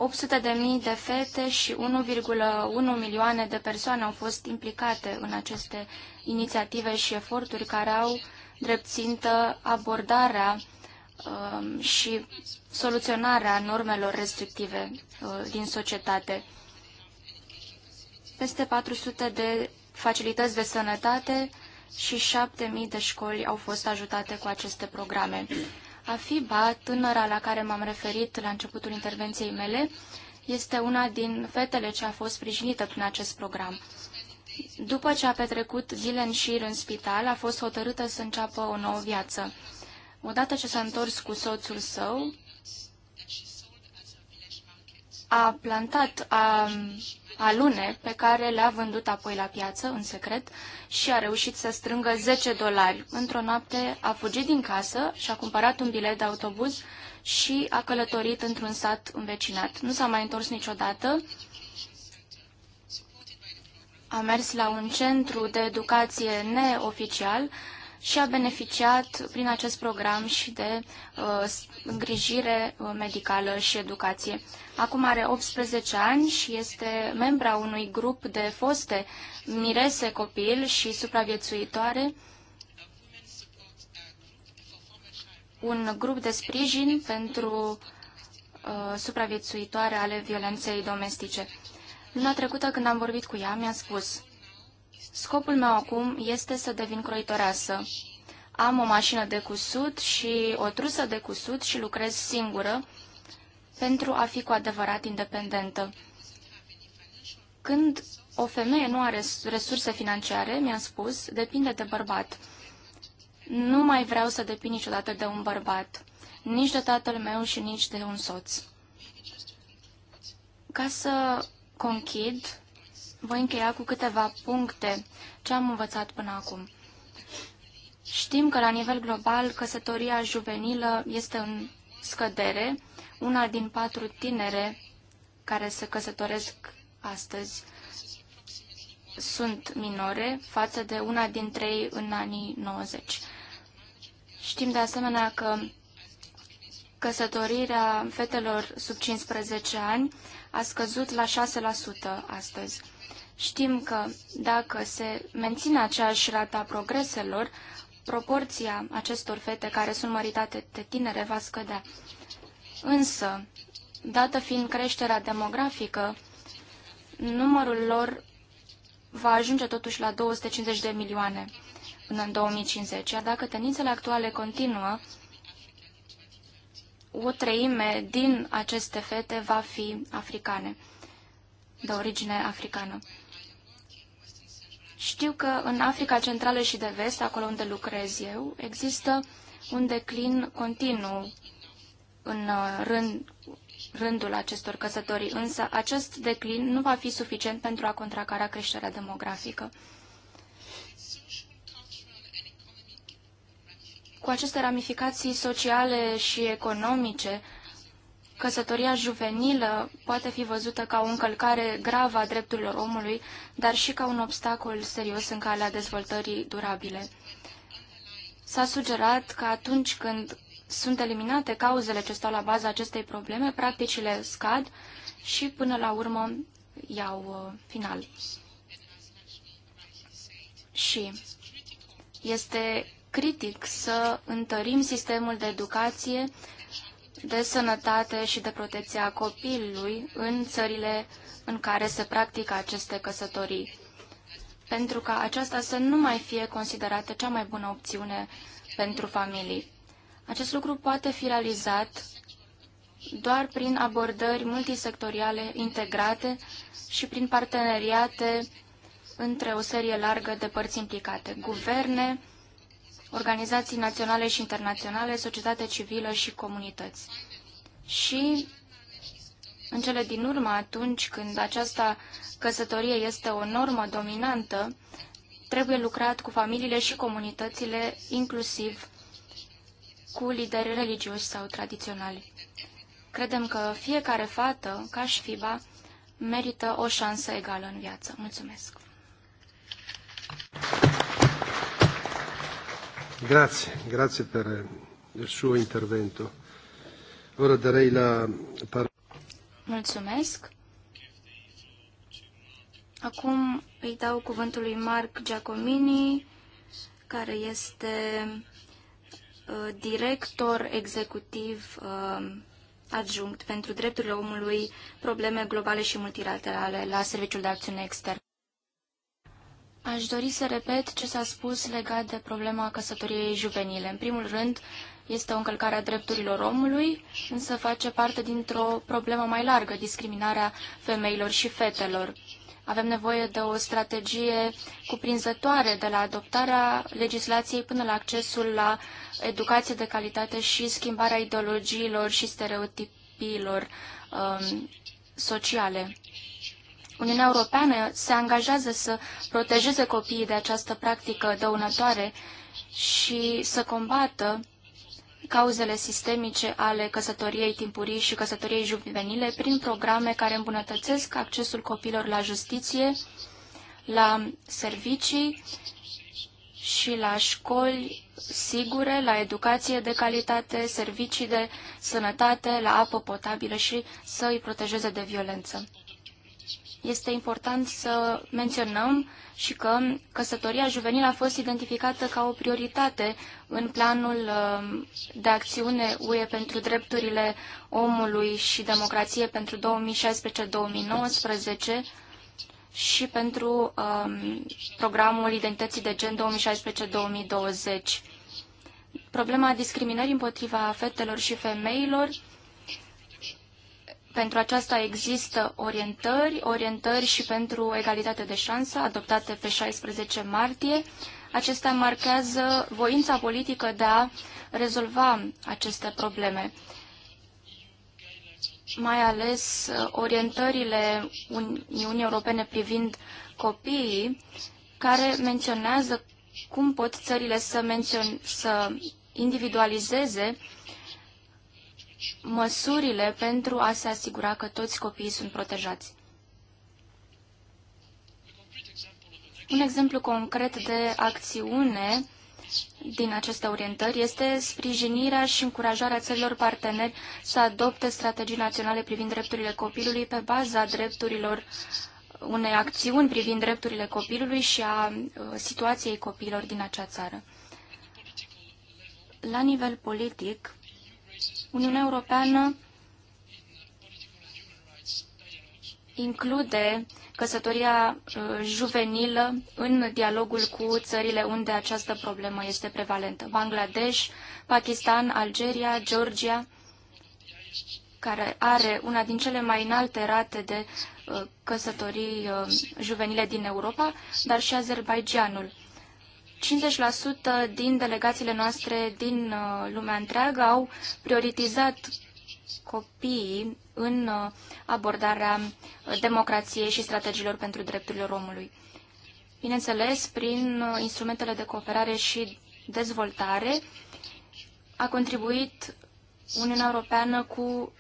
800 de mii de fete și 1,1 milioane de persoane au fost implicate în aceste inițiative și eforturi care au drept abordarea um, și soluționarea normelor restrictive uh, din societate. Peste 400 de facilități de sănătate și 7.000 de școli au fost ajutate cu aceste programe. Afiba, tânăra la care m-am referit la începutul intervenției mele, este una din fetele ce a fost sprijinită prin acest program. După ce a petrecut zile în șir în spital, a fost hotărâtă să înceapă o nouă viață. Odată ce s-a întors cu soțul său, a plantat, a alune pe care le-a vândut apoi la piață, în secret, și a reușit să strângă 10 dolari. Într-o noapte a fugit din casă și a cumpărat un bilet de autobuz și a călătorit într-un sat învecinat. Nu s-a mai întors niciodată. A mers la un centru de educație neoficial și a beneficiat prin acest program și de uh, îngrijire uh, medicală și educație. Acum are 18 ani și este membra unui grup de foste mirese copil și supraviețuitoare, un grup de sprijin pentru uh, supraviețuitoare ale violenței domestice. Luna trecută, când am vorbit cu ea, mi-a spus Scopul meu acum este să devin croitoreasă. Am o mașină de cusut și o trusă de cusut și lucrez singură pentru a fi cu adevărat independentă. Când o femeie nu are resurse financiare, mi-a spus, depinde de bărbat. Nu mai vreau să depind niciodată de un bărbat, nici de tatăl meu și nici de un soț. Ca să conchid, voi încheia cu câteva puncte ce am învățat până acum. Știm că la nivel global căsătoria juvenilă este în scădere. Una din patru tinere care se căsătoresc astăzi sunt minore față de una din trei în anii 90. Știm de asemenea că căsătorirea fetelor sub 15 ani a scăzut la 6% astăzi. Știm că dacă se menține aceeași rata progreselor, proporția acestor fete care sunt măritate de tinere va scădea. Însă, dată fiind creșterea demografică, numărul lor va ajunge totuși la 250 de milioane până în 2050, iar dacă tendințele actuale continuă, o treime din aceste fete va fi africane, de origine africană. Știu că în Africa Centrală și de Vest, acolo unde lucrez eu, există un declin continuu în uh, rând, rândul acestor căsătorii, însă acest declin nu va fi suficient pentru a contracara creșterea demografică. cu aceste ramificații sociale și economice, căsătoria juvenilă poate fi văzută ca o încălcare gravă a drepturilor omului, dar și ca un obstacol serios în calea dezvoltării durabile. S-a sugerat că atunci când sunt eliminate cauzele ce stau la baza acestei probleme, practicile scad și până la urmă iau uh, final. Și este critic să întărim sistemul de educație, de sănătate și de protecție a copilului în țările în care se practică aceste căsătorii, pentru ca aceasta să nu mai fie considerată cea mai bună opțiune pentru familii. Acest lucru poate fi realizat doar prin abordări multisectoriale integrate și prin parteneriate între o serie largă de părți implicate, guverne, organizații naționale și internaționale, societate civilă și comunități. Și în cele din urmă, atunci când această căsătorie este o normă dominantă, trebuie lucrat cu familiile și comunitățile, inclusiv cu lideri religioși sau tradiționali. Credem că fiecare fată, ca și FIBA, merită o șansă egală în viață. Mulțumesc! Grazie, grazie per il suo intervento. Ora darei la parola. Mulțumesc. Acum îi dau cuvântul lui Marc Giacomini, care este uh, director executiv uh, adjunct pentru drepturile omului, probleme globale și multilaterale la Serviciul de Acțiune Externă. Aș dori să repet ce s-a spus legat de problema căsătoriei juvenile. În primul rând, este o încălcare a drepturilor omului, însă face parte dintr-o problemă mai largă, discriminarea femeilor și fetelor. Avem nevoie de o strategie cuprinzătoare de la adoptarea legislației până la accesul la educație de calitate și schimbarea ideologiilor și stereotipiilor um, sociale. Uniunea Europeană se angajează să protejeze copiii de această practică dăunătoare și să combată cauzele sistemice ale căsătoriei timpurii și căsătoriei juvenile prin programe care îmbunătățesc accesul copiilor la justiție, la servicii și la școli sigure, la educație de calitate, servicii de sănătate, la apă potabilă și să îi protejeze de violență este important să menționăm și că căsătoria juvenilă a fost identificată ca o prioritate în planul uh, de acțiune UE pentru drepturile omului și democrație pentru 2016-2019 și pentru um, programul identității de gen 2016-2020. Problema discriminării împotriva fetelor și femeilor pentru aceasta există orientări, orientări și pentru egalitate de șansă, adoptate pe 16 martie. Acestea marchează voința politică de a rezolva aceste probleme, mai ales orientările Uniunii Europene privind copiii, care menționează cum pot țările să, menționeze să individualizeze măsurile pentru a se asigura că toți copiii sunt protejați. Un exemplu concret de acțiune din aceste orientări este sprijinirea și încurajarea țărilor parteneri să adopte strategii naționale privind drepturile copilului pe baza drepturilor unei acțiuni privind drepturile copilului și a uh, situației copiilor din acea țară. La nivel politic, Uniunea Europeană include căsătoria uh, juvenilă în dialogul cu țările unde această problemă este prevalentă. Bangladesh, Pakistan, Algeria, Georgia, care are una din cele mai înalte rate de uh, căsătorii uh, juvenile din Europa, dar și Azerbaijanul. 50% din delegațiile noastre din uh, lumea întreagă au prioritizat copiii în uh, abordarea uh, democrației și strategiilor pentru drepturile omului. Bineînțeles, prin instrumentele de cooperare și dezvoltare a contribuit Uniunea Europeană cu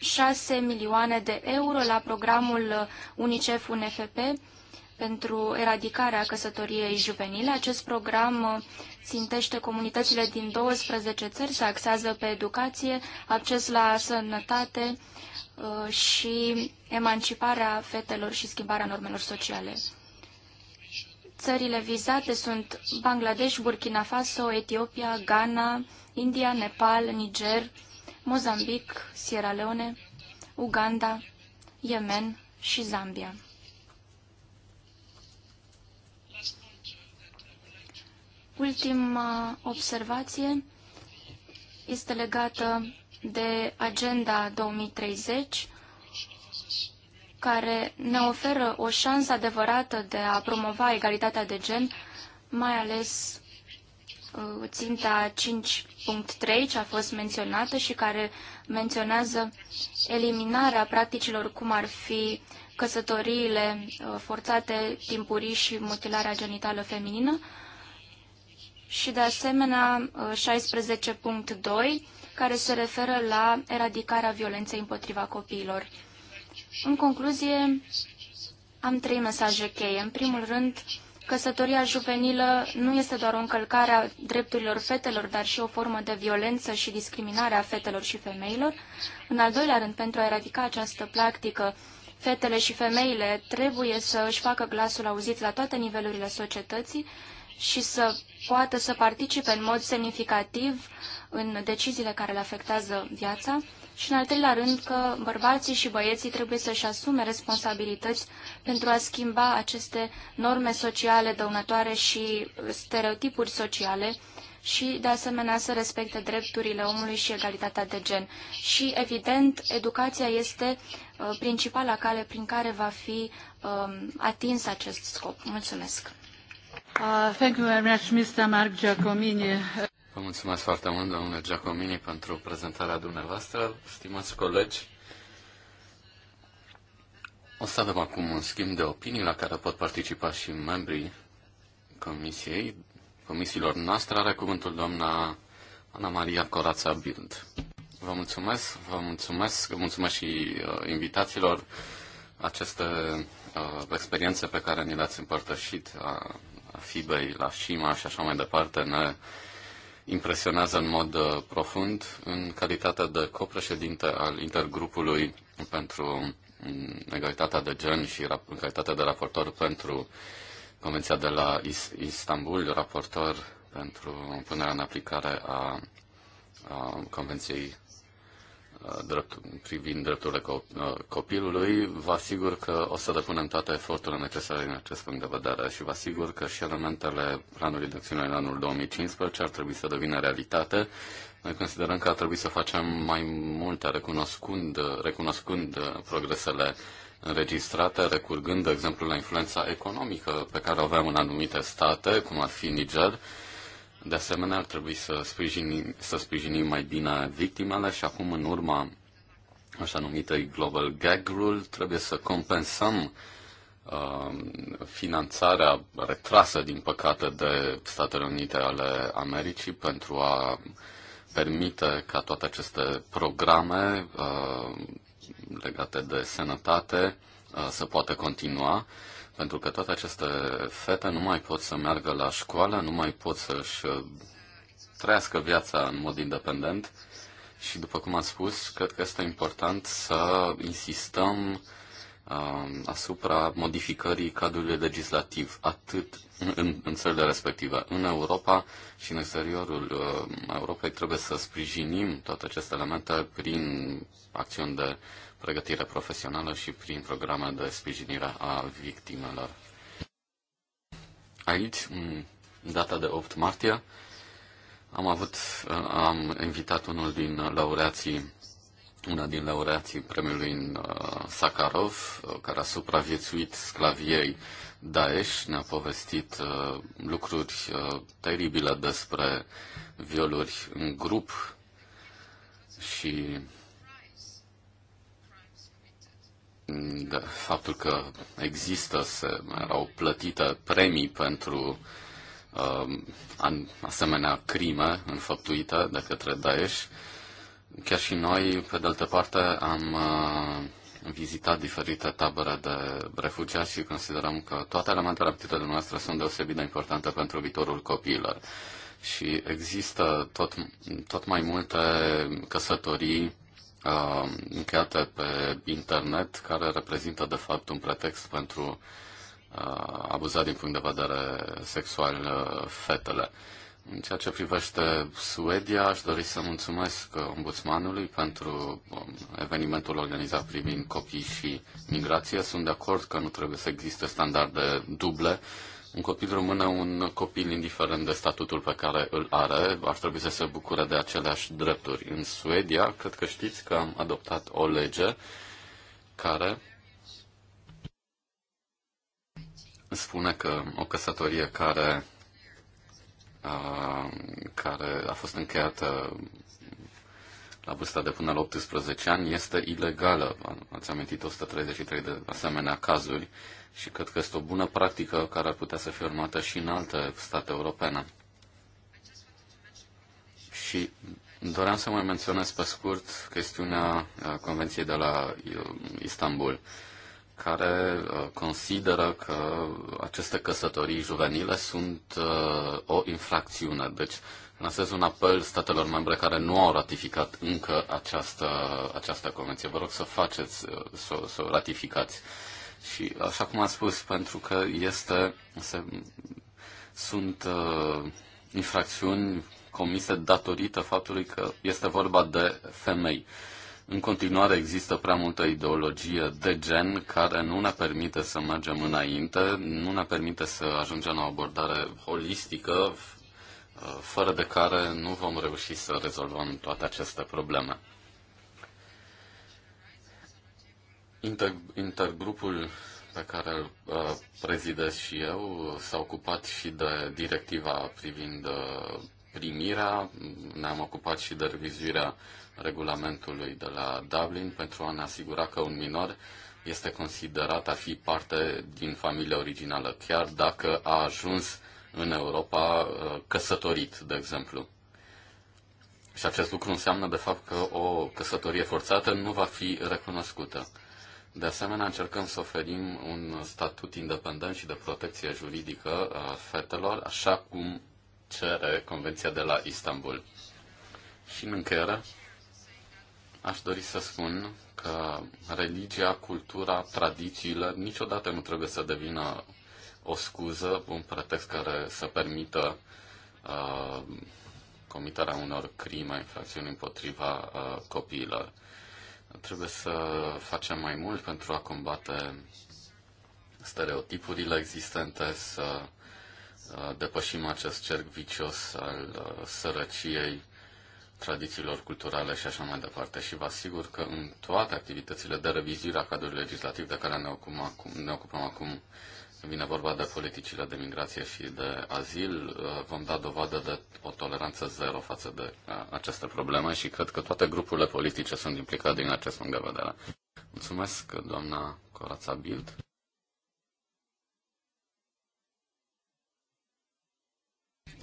6 milioane de euro la programul UNICEF-UNFP pentru eradicarea căsătoriei juvenile. Acest program țintește comunitățile din 12 țări, se axează pe educație, acces la sănătate uh, și emanciparea fetelor și schimbarea normelor sociale. Țările vizate sunt Bangladesh, Burkina Faso, Etiopia, Ghana, India, Nepal, Niger, Mozambic, Sierra Leone, Uganda, Yemen și Zambia. Ultima observație este legată de Agenda 2030, care ne oferă o șansă adevărată de a promova egalitatea de gen, mai ales uh, ținta 5.3, ce a fost menționată și care menționează eliminarea practicilor cum ar fi căsătoriile uh, forțate, timpurii și mutilarea genitală feminină și de asemenea 16.2 uh, care se referă la eradicarea violenței împotriva copiilor. În concluzie, am trei mesaje cheie. În primul rând, căsătoria juvenilă nu este doar o încălcare a drepturilor fetelor, dar și o formă de violență și discriminare a fetelor și femeilor. În al doilea rând, pentru a eradica această practică, fetele și femeile trebuie să își facă glasul auzit la toate nivelurile societății și să poată să participe în mod semnificativ în deciziile care le afectează viața și, în al treilea rând, că bărbații și băieții trebuie să-și asume responsabilități pentru a schimba aceste norme sociale dăunătoare și stereotipuri sociale și, de asemenea, să respecte drepturile omului și egalitatea de gen. Și, evident, educația este uh, principala cale prin care va fi uh, atins acest scop. Mulțumesc! Uh, vă mulțumesc foarte mult, domnule Giacomini, pentru prezentarea dumneavoastră. Stimați colegi, o să avem acum un schimb de opinii la care pot participa și membrii comisiei, comisiilor noastre. Are cuvântul doamna Ana Maria Corața Bild. Vă mulțumesc, vă mulțumesc, vă mulțumesc și uh, invitațiilor aceste uh, experiențe pe care ni le-ați împărtășit. Uh, fibei la Shima și așa mai departe ne impresionează în mod uh, profund în calitate de copreședinte al intergrupului pentru mm, egalitatea de gen și în calitate de raportor pentru Convenția de la Istanbul, raportor pentru punerea în aplicare a, a Convenției drept, privind drepturile uh, copilului, vă asigur că o să depunem toate eforturile necesare din acest punct de vedere și vă asigur că și elementele planului de acțiune în anul 2015 ar trebui să devină realitate. Noi considerăm că ar trebui să facem mai multe recunoscând, recunoscând progresele înregistrate, recurgând, de exemplu, la influența economică pe care o avem în anumite state, cum ar fi Niger, de asemenea, ar trebui să sprijinim, să sprijinim mai bine victimele și acum, în urma așa numitei Global Gag Rule, trebuie să compensăm uh, finanțarea retrasă, din păcate, de Statele Unite ale Americii pentru a permite ca toate aceste programe uh, legate de sănătate uh, să poată continua pentru că toate aceste fete nu mai pot să meargă la școală, nu mai pot să-și uh, trăiască viața în mod independent și, după cum am spus, cred că este important să insistăm Um, asupra modificării cadrului legislativ, atât în, în țările respective, în Europa și în exteriorul uh, Europei, trebuie să sprijinim toate aceste elemente prin acțiuni de pregătire profesională și prin programe de sprijinire a victimelor. Aici, în data de 8 martie, am avut, uh, am invitat unul din laureații una din laureații premiului în uh, Sakharov, uh, care a supraviețuit sclaviei Daesh, ne-a povestit uh, lucruri uh, teribile despre violuri în grup și de faptul că există, se, erau plătite premii pentru uh, asemenea crime înfăptuite de către Daesh. Uh, Chiar și noi, pe de altă parte, am uh, vizitat diferite tabere de refugiați și considerăm că toate elementele aptitudinii noastre sunt deosebit de importante pentru viitorul copiilor. Și există tot, tot mai multe căsătorii uh, încheiate pe internet care reprezintă, de fapt, un pretext pentru uh, abuza din punct de vedere sexual uh, fetele. Uh, în ceea ce privește Suedia, aș dori să mulțumesc ombudsmanului pentru um, evenimentul organizat privind copii și migrație. Sunt de acord că nu trebuie să existe standarde duble. Un copil rămâne un copil indiferent de statutul pe care îl are, ar trebui să se bucure de aceleași drepturi. În Suedia, cred că știți că am adoptat o lege care spune că o căsătorie care care a fost încheiată la vârsta de până la 18 ani este ilegală. Ați amintit 133 de asemenea cazuri și cred că este o bună practică care ar putea să fie urmată și în alte state europene. Și doream să mai menționez pe scurt chestiunea Convenției de la uh, Istanbul care uh, consideră că aceste căsătorii juvenile sunt uh, o infracțiune. Deci lansez un apel statelor membre care nu au ratificat încă această, această convenție. Vă rog să faceți, uh, să, să o ratificați. Și așa cum am spus, pentru că este, se, sunt uh, infracțiuni comise datorită faptului că este vorba de femei. Uh, în continuare există prea multă ideologie de gen care nu ne permite să mergem înainte, nu ne permite să ajungem la o abordare holistică, uh, fără de care nu vom reuși să rezolvăm toate aceste probleme. Inter, intergrupul pe care îl uh, prezidez și eu s-a ocupat și de directiva privind uh, primirea, ne-am ocupat și de revizuirea regulamentului de la Dublin pentru a ne asigura că un minor este considerat a fi parte din familia originală, chiar dacă a ajuns în Europa uh, căsătorit, de exemplu. Și acest lucru înseamnă, de fapt, că o căsătorie forțată nu va fi recunoscută. De asemenea, încercăm să oferim un statut independent și de protecție juridică a fetelor, așa cum cere Convenția de la Istanbul. Și în încheiere, aș dori să spun că religia, cultura, tradițiile niciodată nu trebuie să devină o scuză, un pretext care să permită uh, comiterea unor crime, infracțiuni împotriva uh, copiilor. Trebuie să facem mai mult pentru a combate stereotipurile existente, să Uh, depășim acest cerc vicios al uh, sărăciei, tradițiilor culturale și așa mai departe. Și vă asigur că în toate activitățile de revizuire a cadrului legislativ de care ne ocupăm acum, ne ocupăm acum vine vorba de politicile de migrație și de azil, uh, vom da dovadă de o toleranță zero față de aceste probleme și cred că toate grupurile politice sunt implicate din acest punct de vedere. Mulțumesc, doamna Corața Bild.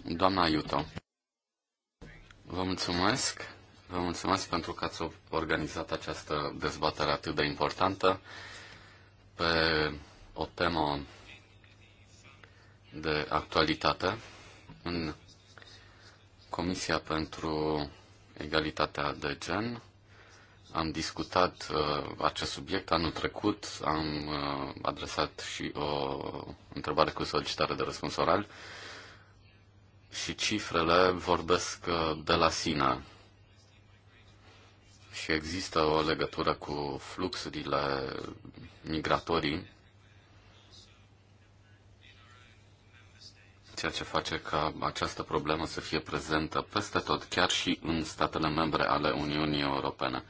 Doamna Iuto, vă mulțumesc. Vă mulțumesc pentru că ați organizat această dezbatere atât de importantă pe o temă de actualitate în Comisia pentru Egalitatea de Gen. Am discutat uh, acest subiect anul trecut, am uh, adresat și o întrebare cu solicitare de răspuns oral. Uh, și cifrele vorbesc uh, de la sine și există o legătură cu fluxurile migratorii, ceea ce face ca această problemă să fie prezentă peste tot, chiar și în statele membre ale Uniunii Europene.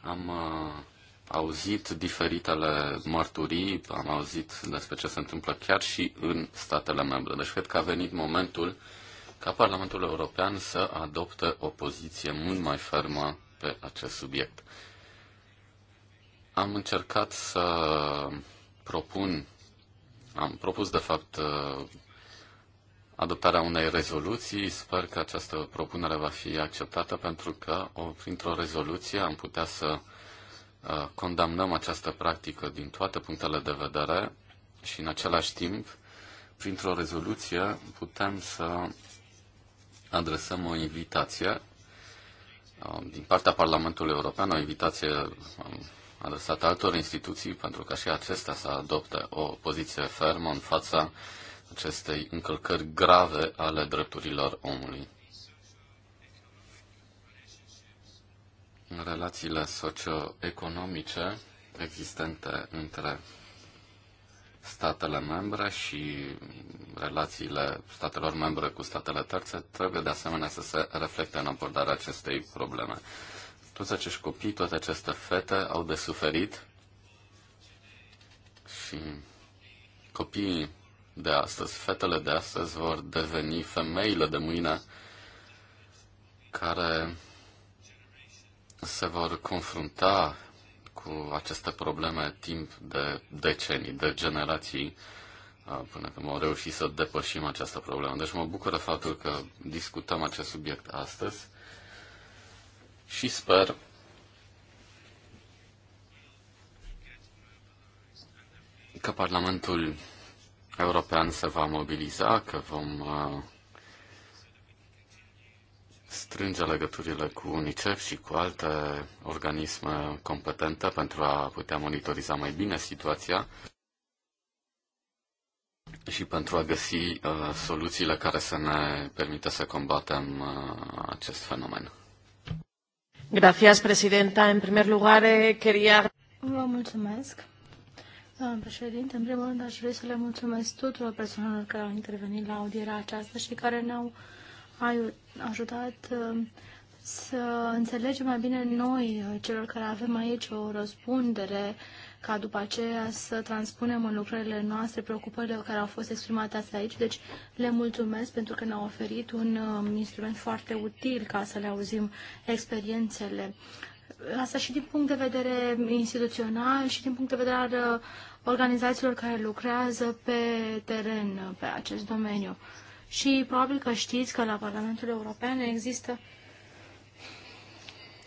Am uh, auzit diferitele mărturii, am auzit despre ce se întâmplă chiar și în statele membre. Deci cred că a venit momentul uh, ca Parlamentul European să adopte o poziție mult mai fermă pe acest subiect. Am încercat să propun, am propus de fapt adoptarea unei rezoluții. Sper că această propunere va fi acceptată pentru că o, printr-o rezoluție am putea să uh, condamnăm această practică din toate punctele de vedere și în același timp, printr-o rezoluție, putem să adresăm o invitație um, din partea Parlamentului European, o invitație um, adresată altor instituții pentru ca și acestea să adopte o poziție fermă în fața acestei încălcări grave ale drepturilor omului. În relațiile socioeconomice existente între statele membre și relațiile statelor membre cu statele terțe trebuie de asemenea să se reflecte în abordarea acestei probleme. Toți acești copii, toate aceste fete au de suferit și copiii de astăzi, fetele de astăzi vor deveni femeile de mâine care se vor confrunta cu aceste probleme timp de decenii, de generații, uh, până când au reușit să depășim această problemă. Deci mă bucură faptul că discutăm acest subiect astăzi și sper că Parlamentul European se va mobiliza, că vom uh, strânge legăturile cu UNICEF și cu alte organisme competente pentru a putea monitoriza mai bine situația și pentru a găsi uh, soluțiile care să ne permită să combatem uh, acest fenomen. Gracias, presidenta. În primer lugar, eh, quería... Vă mulțumesc. Doamna președinte, în primul rând aș vrea să le mulțumesc tuturor persoanelor care au intervenit la audierea aceasta și care ne-au uh, ai ajutat uh, să înțelegem mai bine noi, uh, celor care avem aici o răspundere, ca după aceea să transpunem în lucrările noastre preocupările care au fost exprimate astea aici. Deci le mulțumesc pentru că ne-au oferit un um, instrument foarte util ca să le auzim experiențele. Asta și din punct de vedere instituțional și din punct de vedere al uh, organizațiilor care lucrează pe teren, pe acest domeniu și probabil că știți că la Parlamentul European există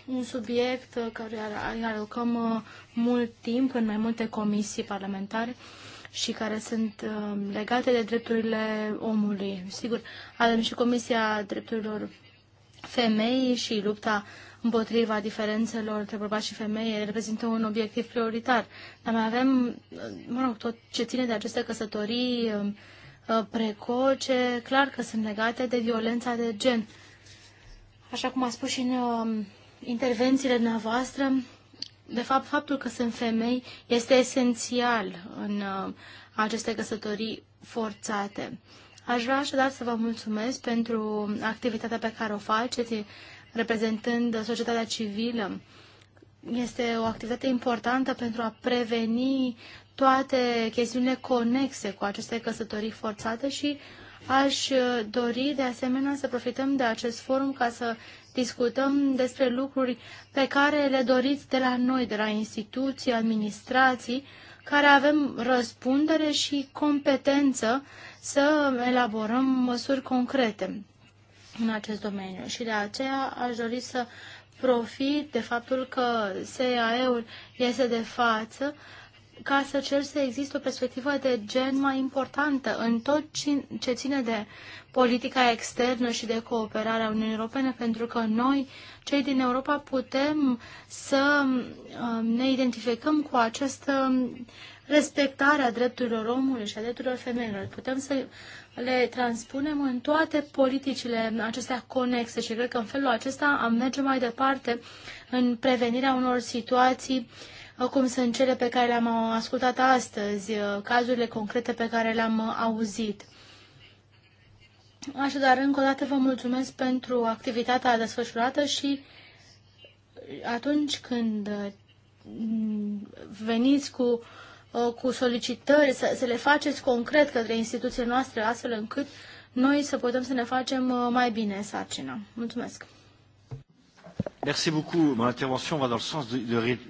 un subiect uh, care îi alocăm uh, mult timp în mai multe comisii parlamentare și care sunt uh, legate de drepturile omului. Sigur, avem și Comisia Drepturilor Femeii și lupta împotriva diferențelor între bărbați și femei reprezintă un obiectiv prioritar. Dar mai avem, mă rog, tot ce ține de aceste căsătorii um, Uh, precoce, clar că sunt legate de violența de gen. Așa cum a spus și în um, intervențiile noastre, de fapt, faptul că sunt femei este esențial în uh, aceste căsătorii forțate. Aș vrea așadar să vă mulțumesc pentru activitatea pe care o faceți reprezentând societatea civilă. Este o activitate importantă pentru a preveni toate chestiunile conexe cu aceste căsătorii forțate și aș uh, dori de asemenea să profităm de acest forum ca să discutăm despre lucruri pe care le doriți de la noi, de la instituții, administrații, care avem răspundere și competență să elaborăm măsuri concrete în acest domeniu. Și de aceea aș dori să profit de faptul că SEAE-ul este de față ca să cer să există o perspectivă de gen mai importantă în tot ce ține de politica externă și de cooperarea Uniunii Europene, pentru că noi, cei din Europa, putem să um, ne identificăm cu această respectare a drepturilor omului și a drepturilor femeilor. Putem să le transpunem în toate politicile acestea conexe și cred că în felul acesta am merge mai departe în prevenirea unor situații uh, cum sunt cele pe care le-am uh, ascultat astăzi, uh, cazurile concrete pe care le-am uh, auzit. Așadar, încă o dată vă mulțumesc pentru activitatea desfășurată și atunci când veniți cu, cu solicitări, să, să le faceți concret către instituțiile noastre, astfel încât noi să putem să ne facem mai bine sarcina. Mulțumesc! Merci beaucoup. Mon intervention va dans le sens de...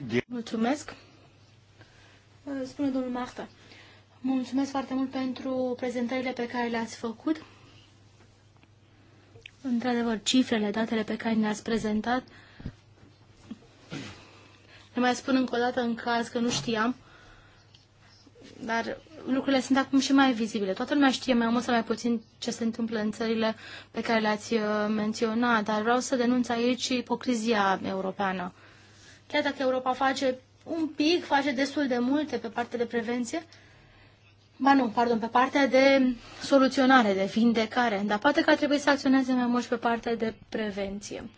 de, Mulțumesc. Spune domnul Marta. Mulțumesc foarte mult pentru prezentările pe care le-ați făcut. Într-adevăr, cifrele, datele pe care le-ați prezentat, le mai spun încă o dată în caz că nu știam, dar lucrurile sunt acum și mai vizibile. Toată lumea știe mai mult sau mai puțin ce se întâmplă în țările pe care le-ați uh, menționat, dar vreau să denunț aici ipocrizia europeană. Chiar dacă Europa face un pic, face destul de multe pe partea de prevenție, ba nu, pardon, pe partea de soluționare, de vindecare, dar poate că ar trebui să acționeze mai mult și pe partea de prevenție.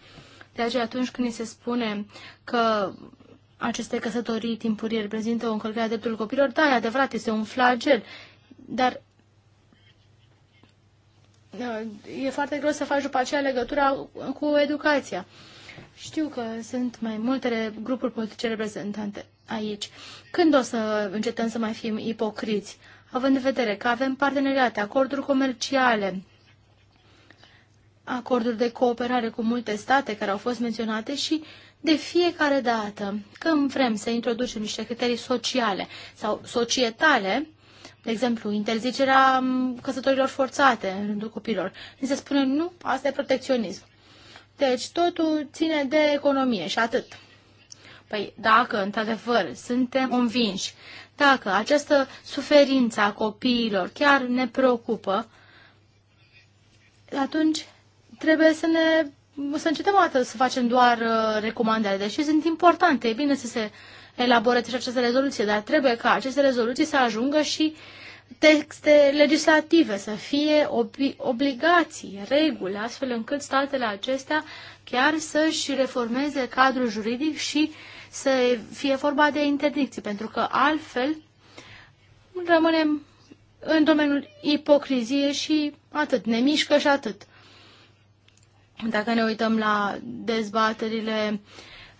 De aceea, atunci când ni se spune că aceste căsătorii timpurii reprezintă o încălcare a dreptului copilor. Da, e adevărat, este un flagel, dar uh, e foarte greu să faci după aceea legătura cu educația. Știu că sunt mai multe grupuri politice reprezentante aici. Când o să încetăm să mai fim ipocriți? Având în vedere că avem parteneriate, acorduri comerciale, acorduri de cooperare cu multe state care au fost menționate și uh, de fiecare dată când vrem să introducem niște criterii sociale sau societale, de exemplu, interzicerea căsătorilor forțate în rândul copilor, ni se spune nu, asta e protecționism. Deci totul ține de economie și atât. Păi dacă, într-adevăr, suntem convinși, dacă această suferință a copiilor chiar ne preocupă, atunci trebuie să ne să încetăm atât să facem doar uh, recomandări, deși sunt importante. E bine să se elaboreze și această rezoluție, dar trebuie ca aceste rezoluții să ajungă și texte legislative, să fie ob- obligații, reguli, astfel încât statele acestea chiar să-și reformeze cadrul juridic și să fie vorba de interdicții, pentru că altfel rămânem în domeniul ipocriziei și atât, ne mișcă și atât. Dacă ne uităm la dezbaterile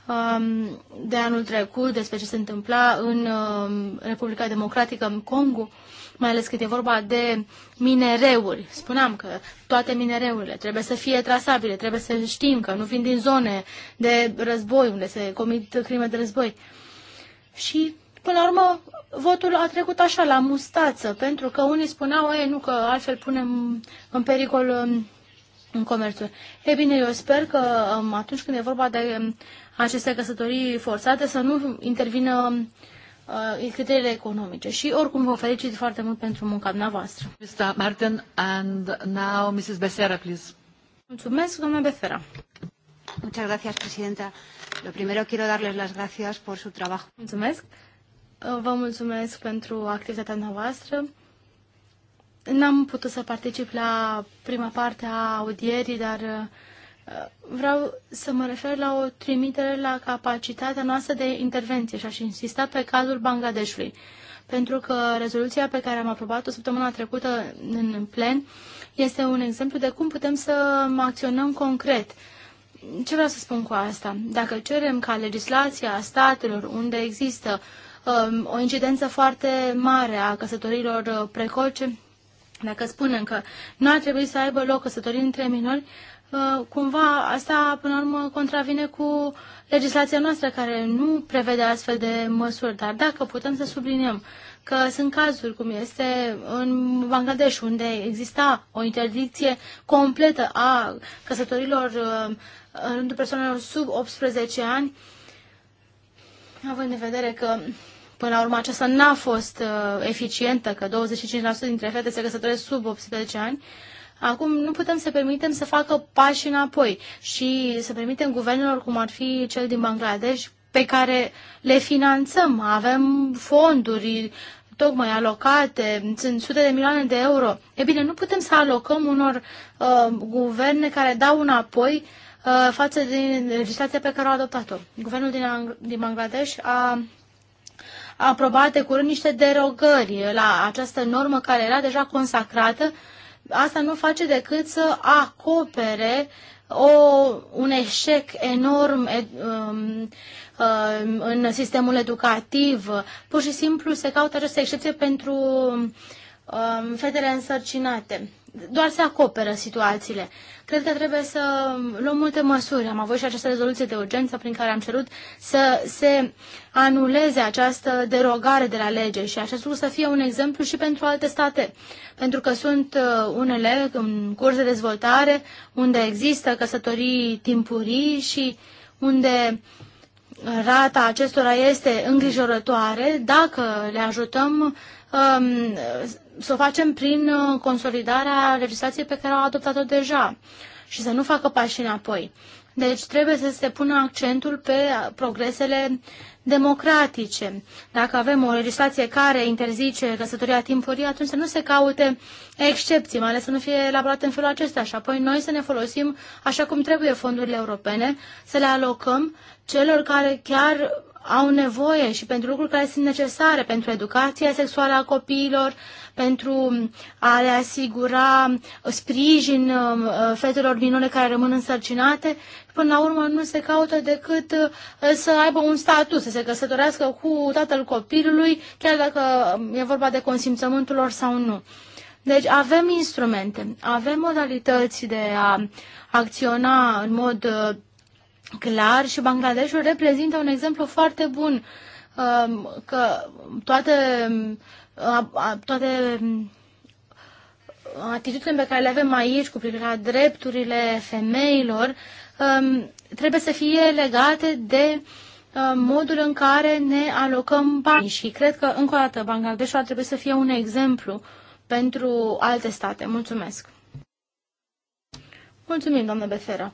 um, de anul trecut despre ce se întâmpla în um, Republica Democratică, în Congo, mai ales cât e vorba de minereuri. Spuneam că toate minereurile trebuie să fie trasabile, trebuie să știm că nu vin din zone de război unde se comit crime de război. Și, până la urmă, votul a trecut așa, la mustață, pentru că unii spuneau, ei, nu, că altfel punem în pericol um, în comerțul. E bine, eu sper că um, atunci când e vorba de um, aceste căsătorii forțate să nu intervină uh, criteriile economice. Și oricum vă felicit foarte mult pentru munca dumneavoastră. Mr. Martin and now Mrs. Becerra, please. Mulțumesc, doamna Becerra. Muchas gracias, presidenta. Lo primero quiero darles las gracias por su trabajo. Mulțumesc. Uh, vă mulțumesc pentru activitatea noastră. N-am putut să particip la prima parte a audierii, dar uh, vreau să mă refer la o trimitere la capacitatea noastră de intervenție și aș insista pe cazul Bangladeshului. Pentru că rezoluția pe care am aprobat-o săptămâna trecută în plen este un exemplu de cum putem să acționăm concret. Ce vreau să spun cu asta? Dacă cerem ca legislația statelor unde există um, o incidență foarte mare a căsătorilor uh, precoce dacă spunem că nu ar trebui să aibă loc căsătorii între minori, uh, cumva asta, până la urmă, contravine cu legislația noastră care nu prevede astfel de măsuri. Dar dacă putem să subliniem că sunt cazuri, cum este în Bangladesh, unde exista o interdicție completă a căsătorilor uh, în rândul persoanelor sub 18 ani, având în vedere că Până la urmă, aceasta n-a fost uh, eficientă, că 25% dintre fete se căsătoresc sub 18 ani. Acum nu putem să permitem să facă pași înapoi și să permitem guvernelor, cum ar fi cel din Bangladesh, pe care le finanțăm, avem fonduri tocmai alocate, sunt sute de milioane de euro. E bine, nu putem să alocăm unor uh, guverne care dau înapoi uh, față de legislația pe care au adoptat-o. Guvernul din, Ang- din Bangladesh a aprobate curând niște derogări la această normă care era deja consacrată. Asta nu face decât să acopere o, un eșec enorm um, um, în sistemul educativ. Pur și simplu se caută această excepție pentru um, fetele însărcinate doar se acoperă situațiile. Cred că trebuie să luăm multe măsuri. Am avut și această rezoluție de urgență prin care am cerut să se anuleze această derogare de la lege și acest lucru să fie un exemplu și pentru alte state. Pentru că sunt uh, unele în curs de dezvoltare unde există căsătorii timpurii și unde rata acestora este îngrijorătoare. Dacă le ajutăm, Um, să o facem prin uh, consolidarea legislației pe care au adoptat-o deja și să nu facă pași înapoi. Deci trebuie să se pună accentul pe progresele democratice. Dacă avem o legislație care interzice căsătoria timpurie, atunci să nu se caute excepții, mai ales să nu fie elaborate în felul acesta. Și apoi noi să ne folosim așa cum trebuie fondurile europene, să le alocăm celor care chiar au nevoie și pentru lucruri care sunt necesare pentru educația sexuală a copiilor, pentru a le asigura sprijin uh, uh, fetelor minore care rămân însărcinate. Până la urmă nu se caută decât uh, să aibă un statut, să se căsătorească cu tatăl copilului, chiar dacă e vorba de consimțământul lor sau nu. Deci avem instrumente, avem modalități de a acționa în mod clar și Bangladeshul reprezintă un exemplu foarte bun um, că toate, um, toate um, atitudinile pe care le avem aici cu privire la drepturile femeilor trebuie să fie legate de modul în care ne alocăm banii. Și cred că, încă o dată, Bangladeshul ar trebui să fie un exemplu pentru alte state. Mulțumesc! Mulțumim, doamnă Befera.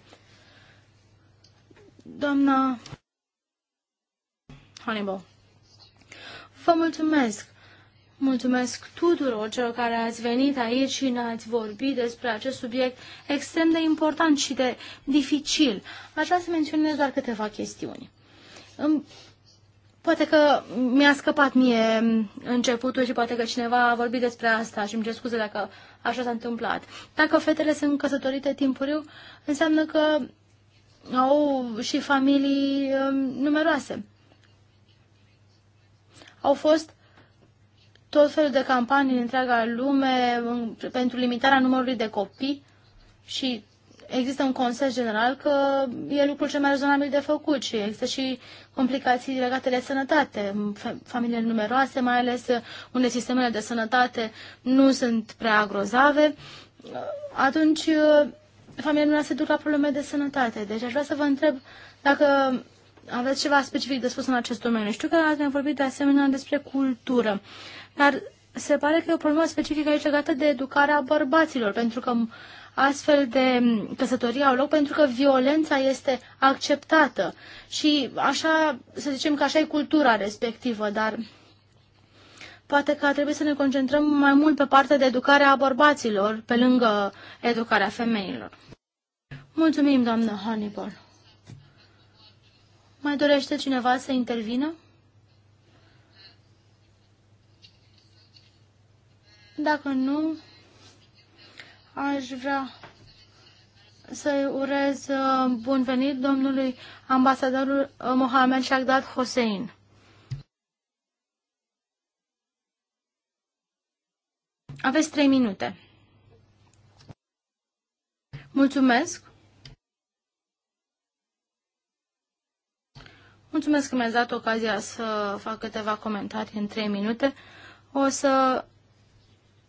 Doamna Hannibal, vă mulțumesc. Mulțumesc tuturor celor care ați venit aici și ne-ați vorbit despre acest subiect extrem de important și de dificil. Aș vrea să menționez doar câteva chestiuni. Poate că mi-a scăpat mie începutul și poate că cineva a vorbit despre asta și îmi cer scuze dacă așa s-a întâmplat. Dacă fetele sunt căsătorite timpuriu, înseamnă că au și familii um, numeroase. Au fost tot felul de campanii în întreaga lume um, pentru limitarea numărului de copii și există un consens general că e lucrul cel mai rezonabil de făcut și există și complicații legate de sănătate. Familiile numeroase, mai ales unde sistemele de sănătate nu sunt prea grozave, uh, atunci uh, familia nu se duc la probleme de sănătate. Deci aș vrea să vă întreb dacă aveți ceva specific de spus în acest domeniu. Știu că ați vorbit de asemenea despre cultură, dar se pare că e o problemă specifică aici legată de educarea bărbaților, pentru că astfel de căsătorii au loc pentru că violența este acceptată și așa, să zicem că așa e cultura respectivă, dar Poate că ar trebui să ne concentrăm mai mult pe partea de educare a bărbaților, pe lângă educarea femeilor. Mulțumim, doamnă Hannibal. Mai dorește cineva să intervină? Dacă nu, aș vrea să-i urez uh, bun venit domnului ambasadorul uh, Mohamed Shagdad Hossein. Aveți trei minute. Mulțumesc. Mulțumesc că mi-ați dat ocazia să fac câteva comentarii în trei minute. O să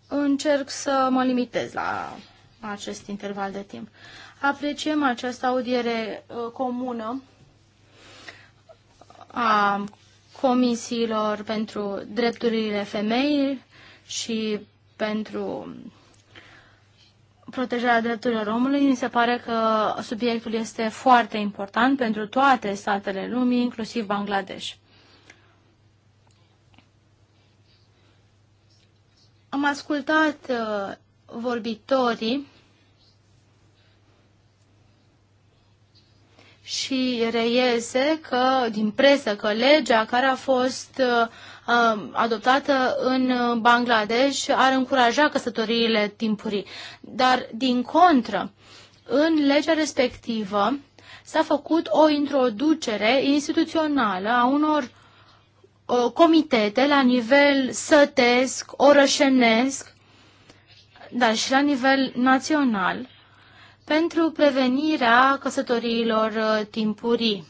încerc să mă limitez la acest interval de timp. Apreciem această audiere uh, comună a comisiilor pentru drepturile femei și pentru protejarea drepturilor omului, mi se pare că subiectul este foarte important pentru toate statele lumii, inclusiv Bangladesh. Am ascultat uh, vorbitorii și reiese că din presă că legea care a fost uh, um, adoptată în Bangladesh ar încuraja căsătoriile timpurii. Dar din contră, în legea respectivă s-a făcut o introducere instituțională a unor uh, comitete la nivel sătesc, orășenesc, dar și la nivel național, pentru prevenirea căsătoriilor uh, timpurii.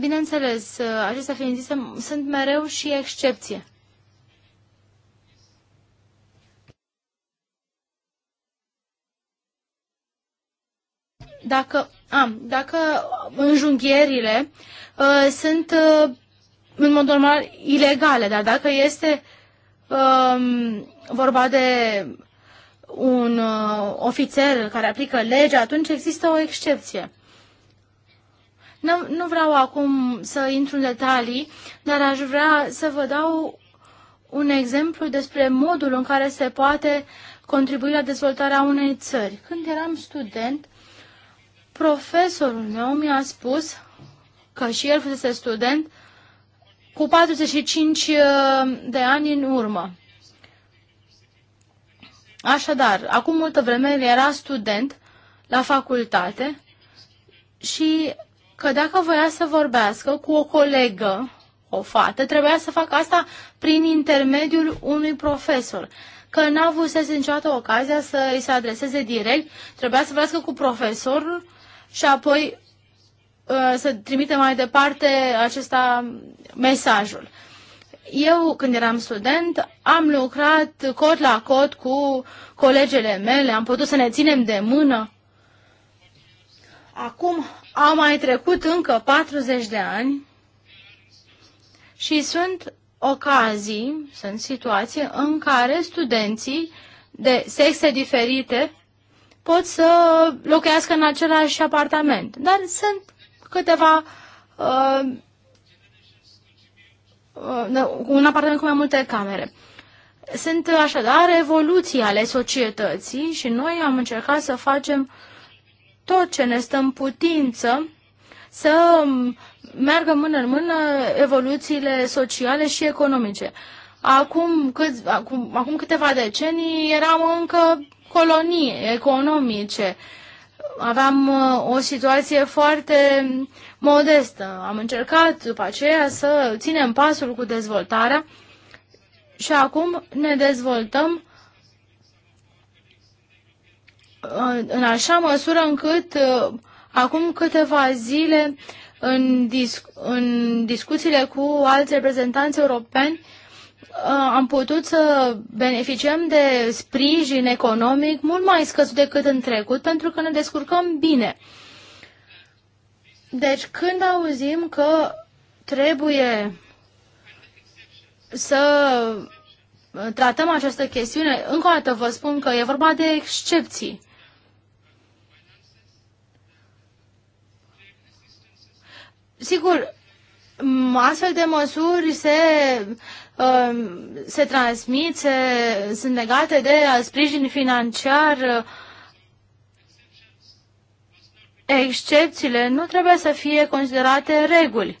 Bineînțeles, uh, acestea fiind zise, sunt mereu și excepție. Dacă, am, dacă înjunghierile a, uh, sunt a, în mod normal ilegale, dar dacă este a, um, vorba de un uh, ofițer care aplică legea, atunci există o excepție. Nu, nu vreau acum să intru în detalii, dar aș vrea să vă dau un exemplu despre modul în care se poate contribui la dezvoltarea unei țări. Când eram student, profesorul meu mi-a spus că și el fusese student cu 45 uh, de ani în urmă. Așadar, acum multă vreme era student la facultate și că dacă voia să vorbească cu o colegă, o fată, trebuia să facă asta prin intermediul unui profesor. Că n-a avut niciodată ocazia să îi se adreseze direct, trebuia să vorbească cu profesorul și apoi uh, să trimite mai departe acesta mesajul. Eu, când eram student, am lucrat cot la cot cu colegele mele, am putut să ne ținem de mână. Acum au mai trecut încă 40 de ani și sunt ocazii, sunt situații în care studenții de sexe diferite pot să locuiască în același apartament. Dar sunt câteva uh, Uh, un apartament cu mai multe camere. Sunt așadar evoluții ale societății și noi am încercat să facem tot ce ne stă în putință să meargă mână în mână evoluțiile sociale și economice. Acum, câți, acum, acum câteva decenii eram încă colonii economice aveam uh, o situație foarte modestă. Am încercat după aceea să ținem pasul cu dezvoltarea și acum ne dezvoltăm uh, în așa măsură încât uh, acum câteva zile în, discu- în discuțiile cu alți reprezentanți europeni Uh, am putut să beneficiem de sprijin economic mult mai scăzut decât în trecut, pentru că ne descurcăm bine. Deci când auzim că trebuie să tratăm această chestiune, încă o dată vă spun că e vorba de excepții. Sigur, astfel de măsuri se Um, se transmit, se, sunt legate de sprijin financiar. Excepțiile nu trebuie să fie considerate reguli.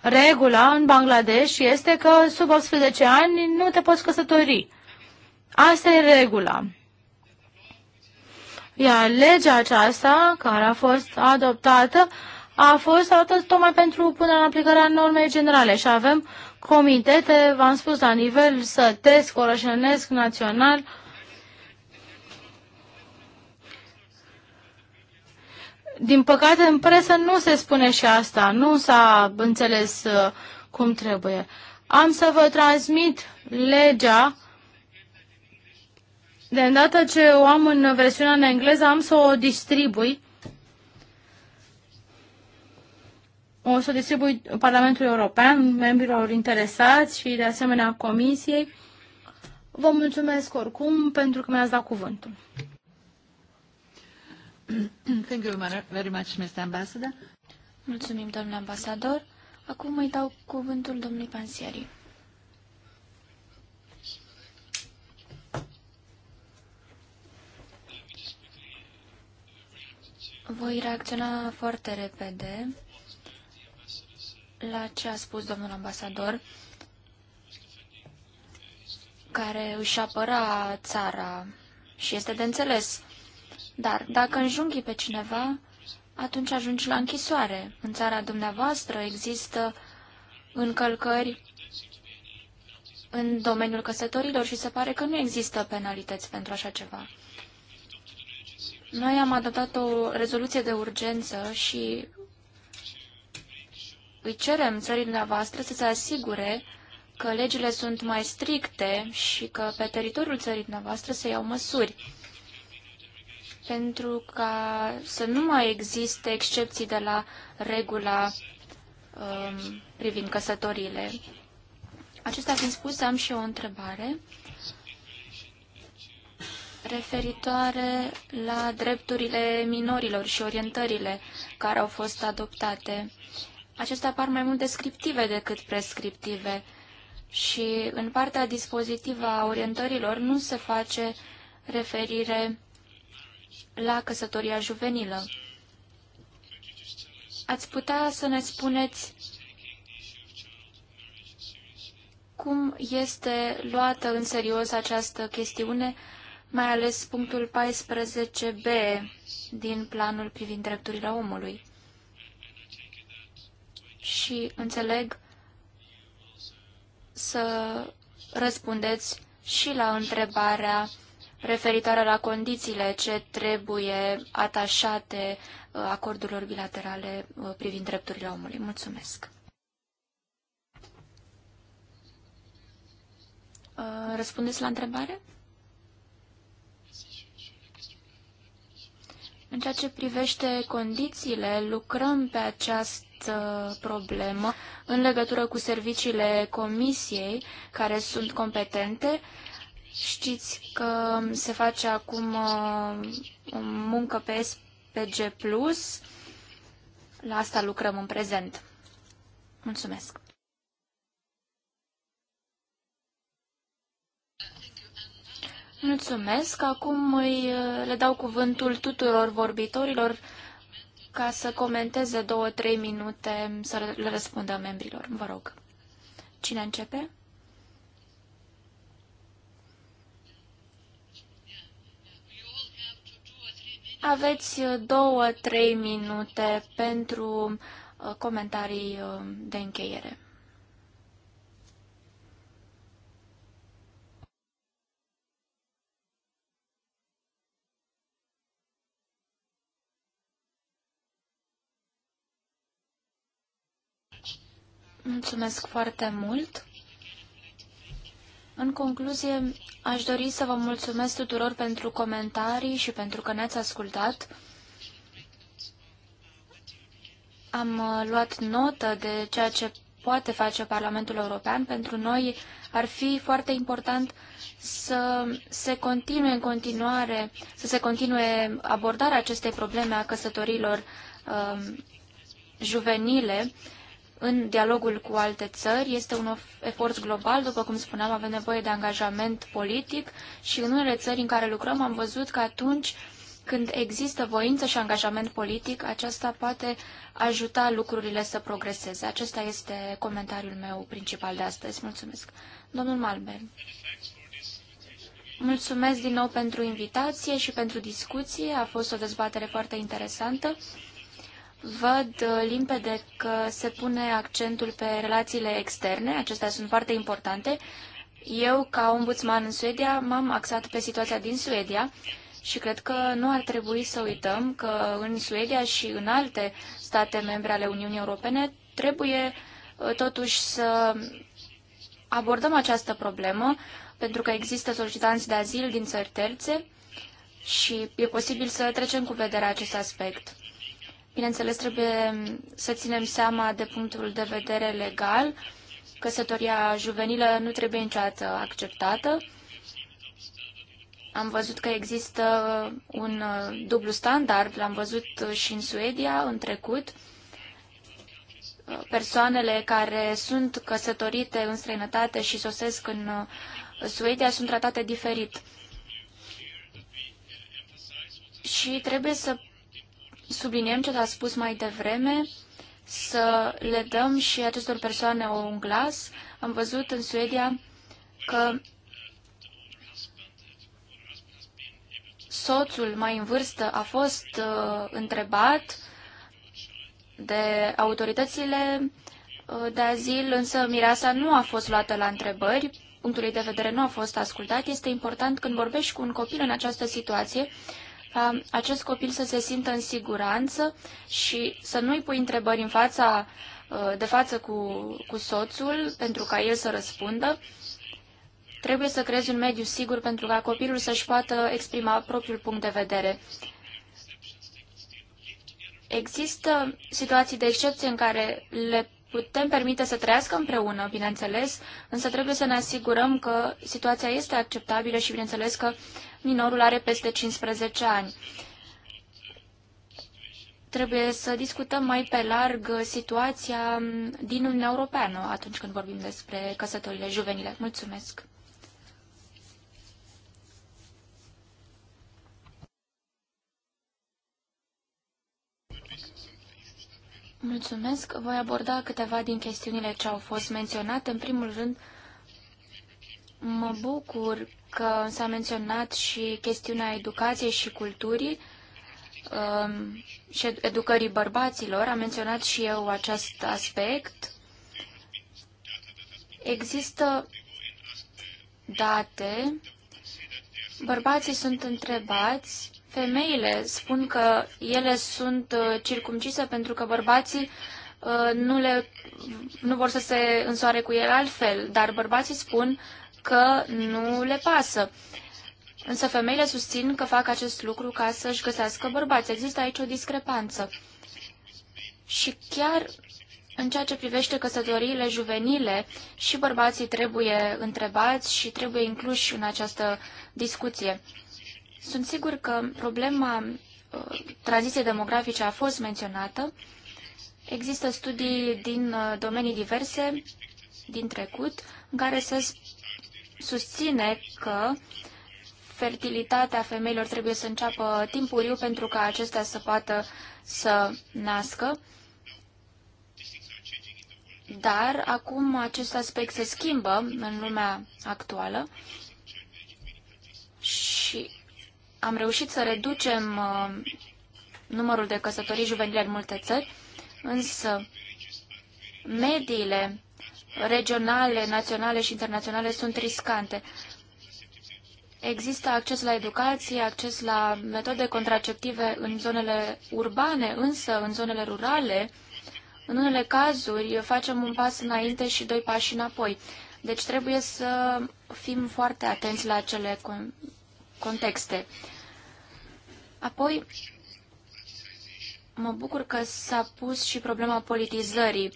Regula în Bangladesh este că sub 18 ani nu te poți căsători. Asta e regula. Iar legea aceasta, care a fost adoptată, a fost adoptată tocmai pentru punerea în a normei generale și avem comitete, v-am spus, la nivel sătesc, orășenesc, național, Din păcate, în presă nu se spune și asta, nu s-a înțeles uh, cum trebuie. Am să vă transmit legea de îndată ce o am în versiunea în engleză, am să o distribui O să distribui Parlamentului European, membrilor interesați și de asemenea Comisiei. Vă mulțumesc oricum pentru că mi-ați dat cuvântul. Thank you very much, Mr. Ambassador. Mulțumim, domnule ambasador. Acum îi dau cuvântul domnului Pansieri. Voi reacționa foarte repede la ce a spus domnul ambasador, care își apăra țara și este de înțeles. Dar dacă înjunghi pe cineva, atunci ajungi la închisoare. În țara dumneavoastră există încălcări în domeniul căsătorilor și se pare că nu există penalități pentru așa ceva. Noi am adoptat o rezoluție de urgență și îi cerem țării dumneavoastră să se asigure că legile sunt mai stricte și că pe teritoriul țării dumneavoastră se iau măsuri pentru ca să nu mai existe excepții de la regula um, privind căsătorile. Acesta fiind spus, am și eu o întrebare referitoare la drepturile minorilor și orientările care au fost adoptate acestea par mai mult descriptive decât prescriptive și în partea dispozitivă a orientărilor nu se face referire la căsătoria juvenilă. Ați putea să ne spuneți cum este luată în serios această chestiune, mai ales punctul 14b din planul privind drepturile omului și înțeleg să răspundeți și la întrebarea referitoare la condițiile ce trebuie atașate uh, acordurilor bilaterale uh, privind drepturile omului. Mulțumesc! Uh, răspundeți la întrebare? În ceea ce privește condițiile, lucrăm pe această altă problemă în legătură cu serviciile comisiei care sunt competente. Știți că se face acum uh, o muncă pe SPG+, la asta lucrăm în prezent. Mulțumesc! Mulțumesc. Acum îi, uh, le dau cuvântul tuturor vorbitorilor ca să comenteze două, trei minute, să le răspundă membrilor. Vă rog. Cine începe? Aveți uh, două, trei minute pentru uh, comentarii uh, de încheiere. Mulțumesc foarte mult. În concluzie, aș dori să vă mulțumesc tuturor pentru comentarii și pentru că ne-ați ascultat. Am uh, luat notă de ceea ce poate face Parlamentul European. Pentru noi ar fi foarte important să se continue în continuare, să se continue abordarea acestei probleme a căsătorilor uh, juvenile în dialogul cu alte țări. Este un efort global, după cum spuneam, avem nevoie de angajament politic și în unele țări în care lucrăm am văzut că atunci când există voință și angajament politic, aceasta poate ajuta lucrurile să progreseze. Acesta este comentariul meu principal de astăzi. Mulțumesc. Domnul Malbe. Mulțumesc din nou pentru invitație și pentru discuție. A fost o dezbatere foarte interesantă văd uh, limpede că se pune accentul pe relațiile externe, acestea sunt foarte importante. Eu, ca ombudsman în Suedia, m-am axat pe situația din Suedia și cred că nu ar trebui să uităm că în Suedia și în alte state membre ale Uniunii Europene trebuie uh, totuși să abordăm această problemă, pentru că există solicitanți de azil din țări terțe și e posibil să trecem cu vederea acest aspect. Bineînțeles, trebuie să ținem seama de punctul de vedere legal. Căsătoria juvenilă nu trebuie niciodată acceptată. Am văzut că există un uh, dublu standard, l-am văzut uh, și în Suedia în trecut. Persoanele care sunt căsătorite în străinătate și sosesc în uh, Suedia sunt tratate diferit. Și trebuie să subliniem ce s-a spus mai devreme, să le dăm și acestor persoane un glas. Am văzut în Suedia că soțul mai în vârstă a fost uh, întrebat de autoritățile uh, de azil, însă mireasa nu a fost luată la întrebări, punctul de vedere nu a fost ascultat. Este important când vorbești cu un copil în această situație ca acest copil să se simtă în siguranță și să nu-i pui întrebări în fața, uh, de față cu, cu soțul pentru ca el să răspundă. Trebuie să creezi un mediu sigur pentru ca copilul să-și poată exprima propriul punct de vedere. Există situații de excepție în care le putem permite să trăiască împreună, bineînțeles, însă trebuie să ne asigurăm că situația este acceptabilă și, bineînțeles, că minorul are peste 15 ani. Trebuie să discutăm mai pe larg situația din Uniunea Europeană atunci când vorbim despre căsătorile juvenile. Mulțumesc! Mulțumesc. Voi aborda câteva din chestiunile ce au fost menționate. În primul rând, Mă bucur că s-a menționat și chestiunea educației și culturii um, și educării bărbaților. Am menționat și eu acest aspect. Există date. Bărbații sunt întrebați. Femeile spun că ele sunt uh, circumcise pentru că bărbații uh, nu, le, nu vor să se însoare cu el altfel, dar bărbații spun că nu le pasă. Însă femeile susțin că fac acest lucru ca să-și găsească bărbați. Există aici o discrepanță. Și chiar în ceea ce privește căsătoriile juvenile, și bărbații trebuie întrebați și trebuie incluși în această discuție. Sunt sigur că problema uh, tranziției demografice a fost menționată. Există studii din uh, domenii diverse din trecut în care se susține că fertilitatea femeilor trebuie să înceapă timpuriu pentru ca acestea să poată să nască. Dar acum acest aspect se schimbă în lumea actuală și am reușit să reducem uh, numărul de căsătorii juvenile în multe țări, însă mediile regionale, naționale și internaționale sunt riscante. Există acces la educație, acces la metode contraceptive în zonele urbane, însă în zonele rurale, în unele cazuri facem un pas înainte și doi pași înapoi. Deci trebuie să fim foarte atenți la acele contexte. Apoi, mă bucur că s-a pus și problema politizării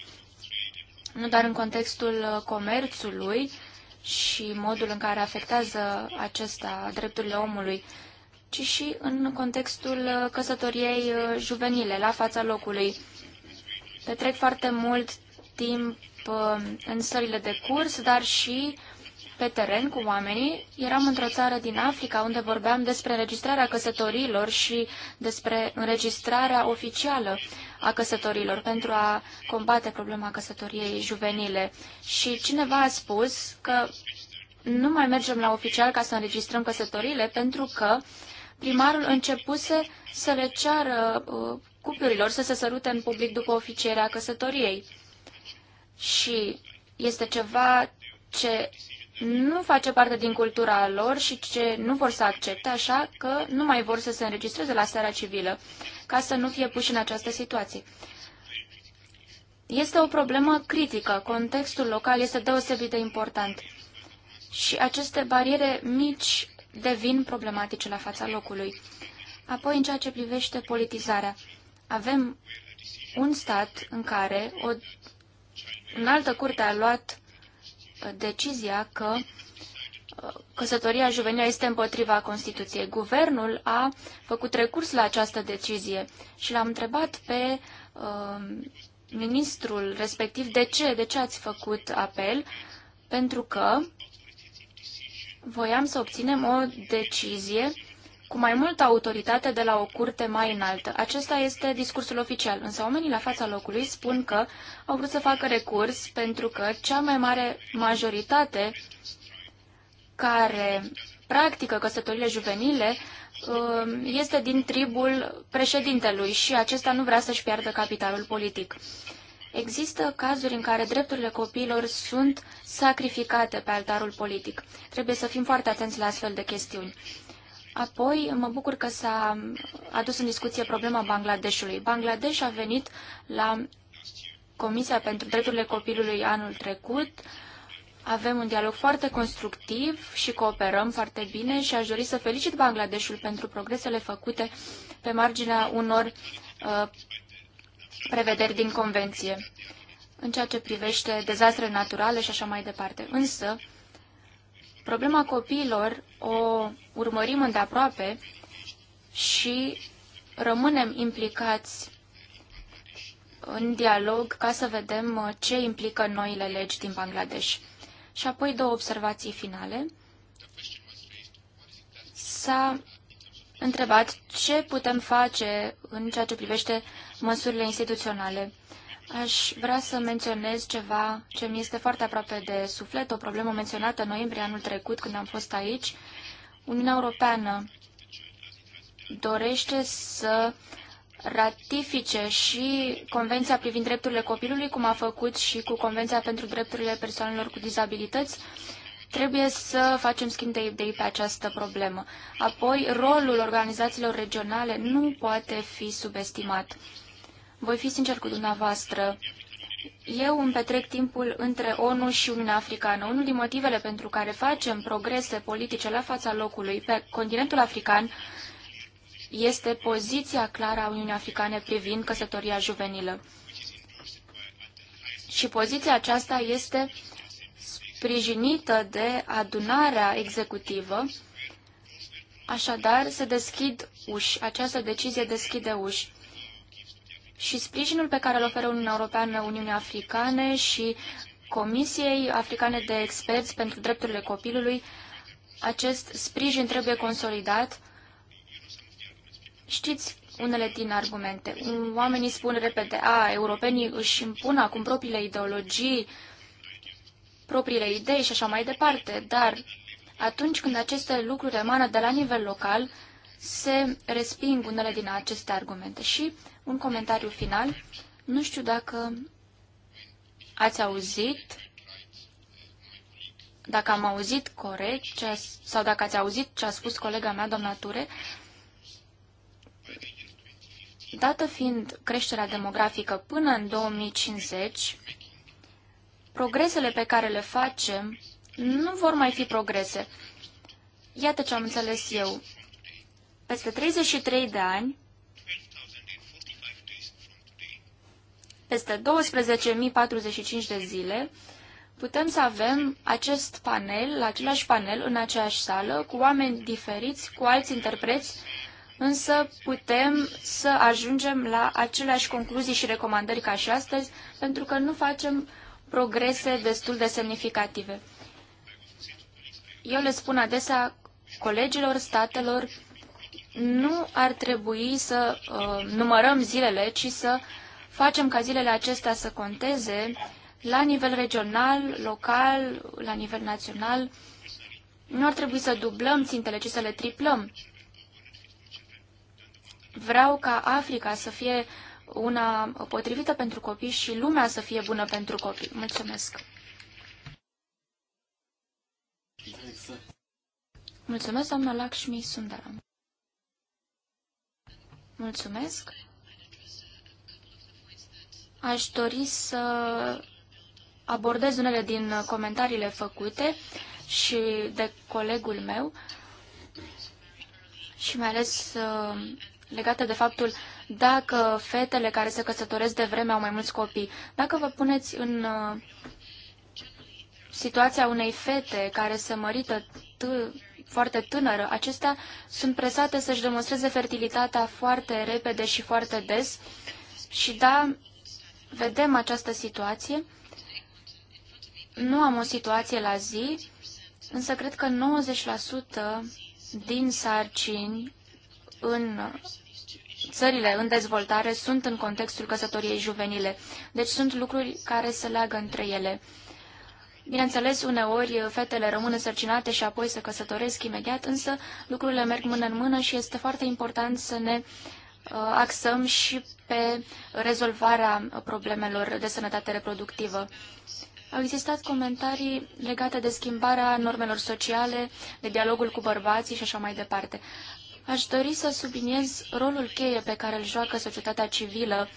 nu doar în contextul comerțului și modul în care afectează acesta drepturile omului, ci și în contextul căsătoriei uh, juvenile, la fața locului. Petrec foarte mult timp uh, în sările de curs, dar și pe teren cu oamenii. Eram într-o țară din Africa unde vorbeam despre înregistrarea căsătorilor și despre înregistrarea oficială a căsătorilor, pentru a combate problema căsătoriei juvenile. Și cineva a spus că nu mai mergem la oficial ca să înregistrăm căsătorile, pentru că primarul începuse să le ceară uh, cuplurilor să se sărute în public după oficierea căsătoriei. Și este ceva ce nu face parte din cultura lor și ce nu vor să accepte, așa că nu mai vor să se înregistreze la seara civilă, ca să nu fie puși în această situație. Este o problemă critică. Contextul local este deosebit de important. Și aceste bariere mici devin problematice la fața locului. Apoi, în ceea ce privește politizarea, avem un stat în care o, în altă curte a luat decizia că căsătoria juvenilă este împotriva Constituției. Guvernul a făcut recurs la această decizie și l-am întrebat pe uh, ministrul respectiv de ce, de ce ați făcut apel, pentru că voiam să obținem o decizie cu mai multă autoritate de la o curte mai înaltă. Acesta este discursul oficial, însă oamenii la fața locului spun că au vrut să facă recurs pentru că cea mai mare majoritate care practică căsătorile juvenile um, este din tribul președintelui și acesta nu vrea să-și piardă capitalul politic. Există cazuri în care drepturile copiilor sunt sacrificate pe altarul politic. Trebuie să fim foarte atenți la astfel de chestiuni. Apoi, mă bucur că s-a adus în discuție problema Bangladeshului. Bangladesh a venit la Comisia pentru Drepturile Copilului anul trecut. Avem un dialog foarte constructiv și cooperăm foarte bine și aș dori să felicit Bangladeshul pentru progresele făcute pe marginea unor uh, prevederi din convenție în ceea ce privește dezastre naturale și așa mai departe. Însă, Problema copiilor o urmărim îndeaproape și rămânem implicați în dialog ca să vedem uh, ce implică noile legi din Bangladesh. Și apoi două observații finale. S-a întrebat ce putem face în ceea ce privește măsurile instituționale. Aș vrea să menționez ceva ce mi este foarte aproape de suflet, o problemă menționată în noiembrie anul trecut când am fost aici. Uniunea Europeană dorește să ratifice și Convenția privind drepturile copilului, cum a făcut și cu Convenția pentru drepturile persoanelor cu dizabilități. Trebuie să facem schimb de idei pe această problemă. Apoi, rolul organizațiilor regionale nu poate fi subestimat. Voi fi sincer cu dumneavoastră. Eu îmi petrec timpul între ONU și Uniunea Africană. Unul din motivele pentru care facem progrese politice la fața locului pe continentul african este poziția clară a Uniunii Africane privind căsătoria juvenilă. Și poziția aceasta este sprijinită de adunarea executivă. Așadar, se deschid uși. Această decizie deschide uși și sprijinul pe care îl oferă Uniunea Europeană Uniunii Africane și Comisiei Africane de Experți pentru Drepturile Copilului, acest sprijin trebuie consolidat. Știți unele din argumente. Oamenii spun repede, a, europenii își impun acum propriile ideologii, propriile idei și așa mai departe, dar atunci când aceste lucruri emană de la nivel local, se resping unele din aceste argumente și un comentariu final. Nu știu dacă ați auzit, dacă am auzit corect ce a, sau dacă ați auzit ce a spus colega mea, doamna Ture, dată fiind creșterea demografică până în 2050, progresele pe care le facem nu vor mai fi progrese. Iată ce am înțeles eu. Peste 33 de ani, peste 12.045 de zile, putem să avem acest panel, același panel, în aceeași sală, cu oameni diferiți, cu alți interpreți, însă putem să ajungem la aceleași concluzii și recomandări ca și astăzi, pentru că nu facem progrese destul de semnificative. Eu le spun adesea colegilor statelor, nu ar trebui să uh, numărăm zilele, ci să uh, facem ca zilele acestea să conteze la nivel regional, local, la nivel național. Nu ar trebui să dublăm țintele, ci să le triplăm. Vreau ca Africa să fie una potrivită pentru copii și lumea să fie bună pentru copii. Mulțumesc! Mulțumesc, doamna Lakshmi Sundaram. Mulțumesc! Aș dori să abordez unele din comentariile făcute și de colegul meu și mai ales uh, legate de faptul dacă fetele care se căsătoresc de vreme au mai mulți copii. Dacă vă puneți în uh, situația unei fete care se mărită foarte tânără, acestea sunt presate să-și demonstreze fertilitatea foarte repede și foarte des și da, vedem această situație. Nu am o situație la zi, însă cred că 90% din sarcini în țările în dezvoltare sunt în contextul căsătoriei juvenile. Deci sunt lucruri care se leagă între ele. Bineînțeles, uneori fetele rămân însărcinate și apoi se căsătoresc imediat, însă lucrurile merg mână în mână și este foarte important să ne Uh, axăm și pe rezolvarea problemelor de sănătate reproductivă. Au existat comentarii legate de schimbarea normelor sociale, de dialogul cu bărbații și așa mai departe. Aș dori să subliniez rolul cheie pe care îl joacă societatea civilă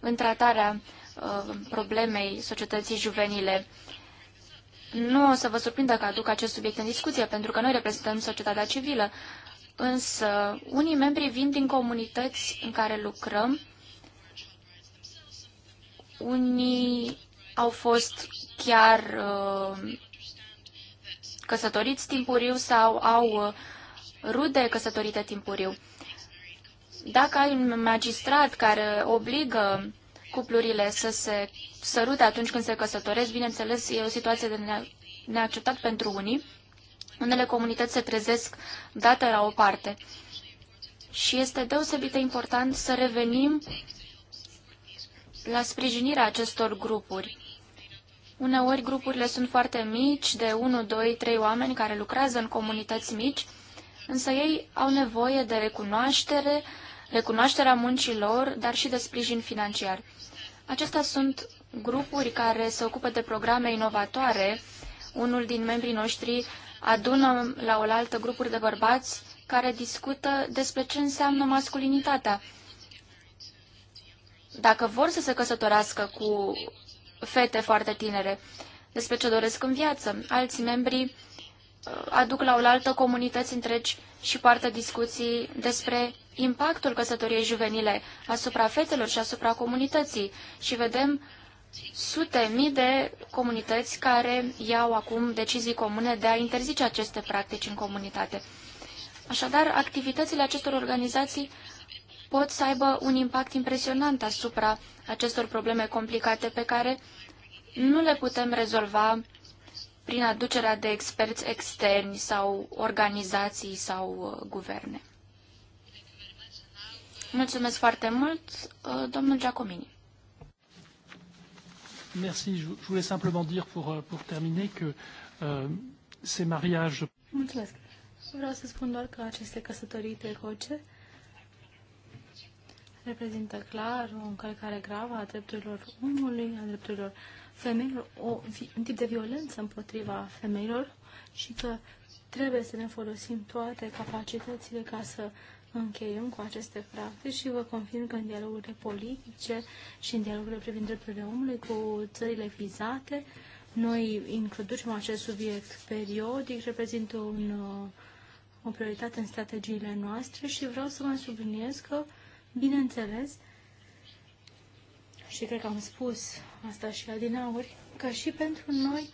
în tratarea uh, problemei societății juvenile. Nu o să vă surprindă că aduc acest subiect în discuție, pentru că noi reprezentăm societatea civilă, Însă, unii membri vin din comunități în care lucrăm, unii au fost chiar uh, căsătoriți timpuriu sau au uh, rude căsătorite timpuriu. Dacă ai un magistrat care obligă cuplurile să se sărute atunci când se căsătoresc, bineînțeles, e o situație de neacceptat pentru unii. Unele comunități se trezesc dată la o parte. Și este deosebit de important să revenim la sprijinirea acestor grupuri. Uneori grupurile sunt foarte mici, de 1, 2, 3 oameni care lucrează în comunități mici, însă ei au nevoie de recunoaștere, recunoașterea muncilor, dar și de sprijin financiar. Acestea sunt grupuri care se ocupă de programe inovatoare. Unul din membrii noștri adună la oaltă grupuri de bărbați care discută despre ce înseamnă masculinitatea. Dacă vor să se căsătorească cu fete foarte tinere, despre ce doresc în viață. Alți membri uh, aduc la oaltă comunități întregi și poartă discuții despre impactul căsătoriei juvenile asupra fetelor și asupra comunității și vedem sute mii de comunități care iau acum decizii comune de a interzice aceste practici în comunitate. Așadar, activitățile acestor organizații pot să aibă un impact impresionant asupra acestor probleme complicate pe care nu le putem rezolva prin aducerea de experți externi sau organizații sau uh, guverne. Mulțumesc foarte mult, uh, domnul Giacomini. Merci. Je, voulais simplement dire pour, euh, pour terminer que euh, ces mariages. Mulțumesc. Vreau să spun doar că aceste căsătorii precoce reprezintă clar o încălcare gravă a drepturilor omului, a drepturilor femeilor, o, un tip de violență împotriva femeilor și că trebuie să ne folosim toate capacitățile ca să uh, încheiem cu aceste practici și vă confirm că în dialogurile politice și în dialogurile privind drepturile omului cu țările vizate, noi introducem acest subiect periodic, reprezintă un, o prioritate în strategiile noastre și vreau să vă subliniez că, bineînțeles, și cred că am spus asta și adinauri, că și pentru noi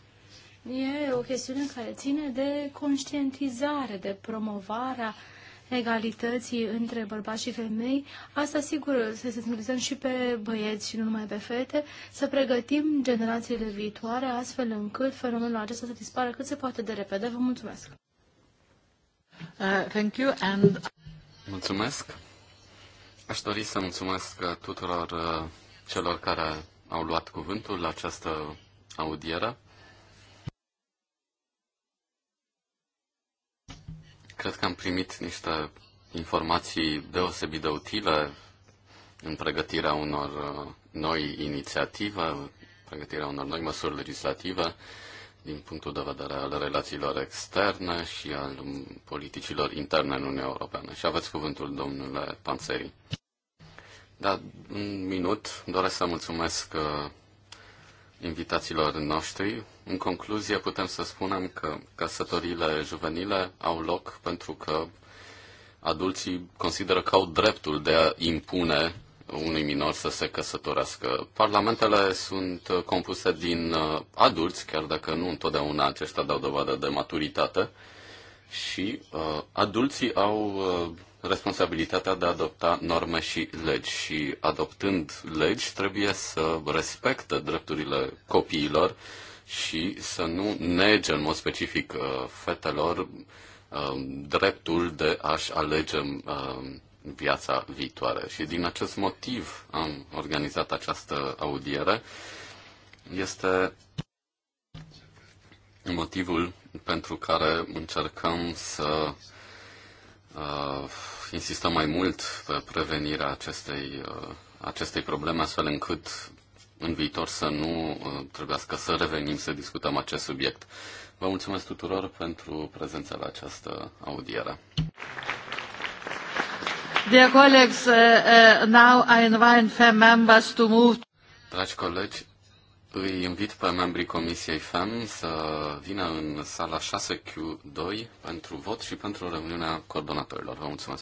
e o chestiune care ține de conștientizare, de promovarea uh, egalității între bărbați și femei, asta sigur să se sensibilizăm și pe băieți și nu numai pe fete, să pregătim generațiile viitoare astfel încât fenomenul acesta să dispară cât se poate de repede. Vă mulțumesc! Uh, thank you and... Mulțumesc! Aș dori să mulțumesc tuturor uh, celor care au luat cuvântul la această audieră. Cred că am primit niște informații deosebit de utile în pregătirea unor uh, noi inițiative, pregătirea unor noi măsuri legislative din punctul de vedere al relațiilor externe și al um, politicilor interne în Uniunea Europeană. Și aveți cuvântul, domnule Panțeri. Da, un minut. Doresc să mulțumesc uh, invitațiilor noștri în concluzie, putem să spunem că căsătorile juvenile au loc pentru că adulții consideră că au dreptul de a impune unui minor să se căsătorească. Parlamentele sunt compuse din uh, adulți, chiar dacă nu întotdeauna aceștia dau dovadă de maturitate, și uh, adulții au uh, responsabilitatea de a adopta norme și legi și adoptând legi trebuie să respecte drepturile copiilor și să nu nege în mod specific uh, fetelor uh, dreptul de a-și alege uh, viața viitoare. Și din acest motiv am organizat această audiere. Este motivul pentru care încercăm să uh, insistăm mai mult pe prevenirea acestei, uh, acestei probleme, astfel încât în viitor să nu uh, trebuiască să revenim să discutăm acest subiect. Vă mulțumesc tuturor pentru prezența la această audiere. Dear colleagues, uh, uh, now I invite FEM members to move. Dragi colegi, îi invit pe membrii Comisiei FEM să vină în sala 6Q2 pentru vot și pentru reuniunea coordonatorilor. Vă mulțumesc!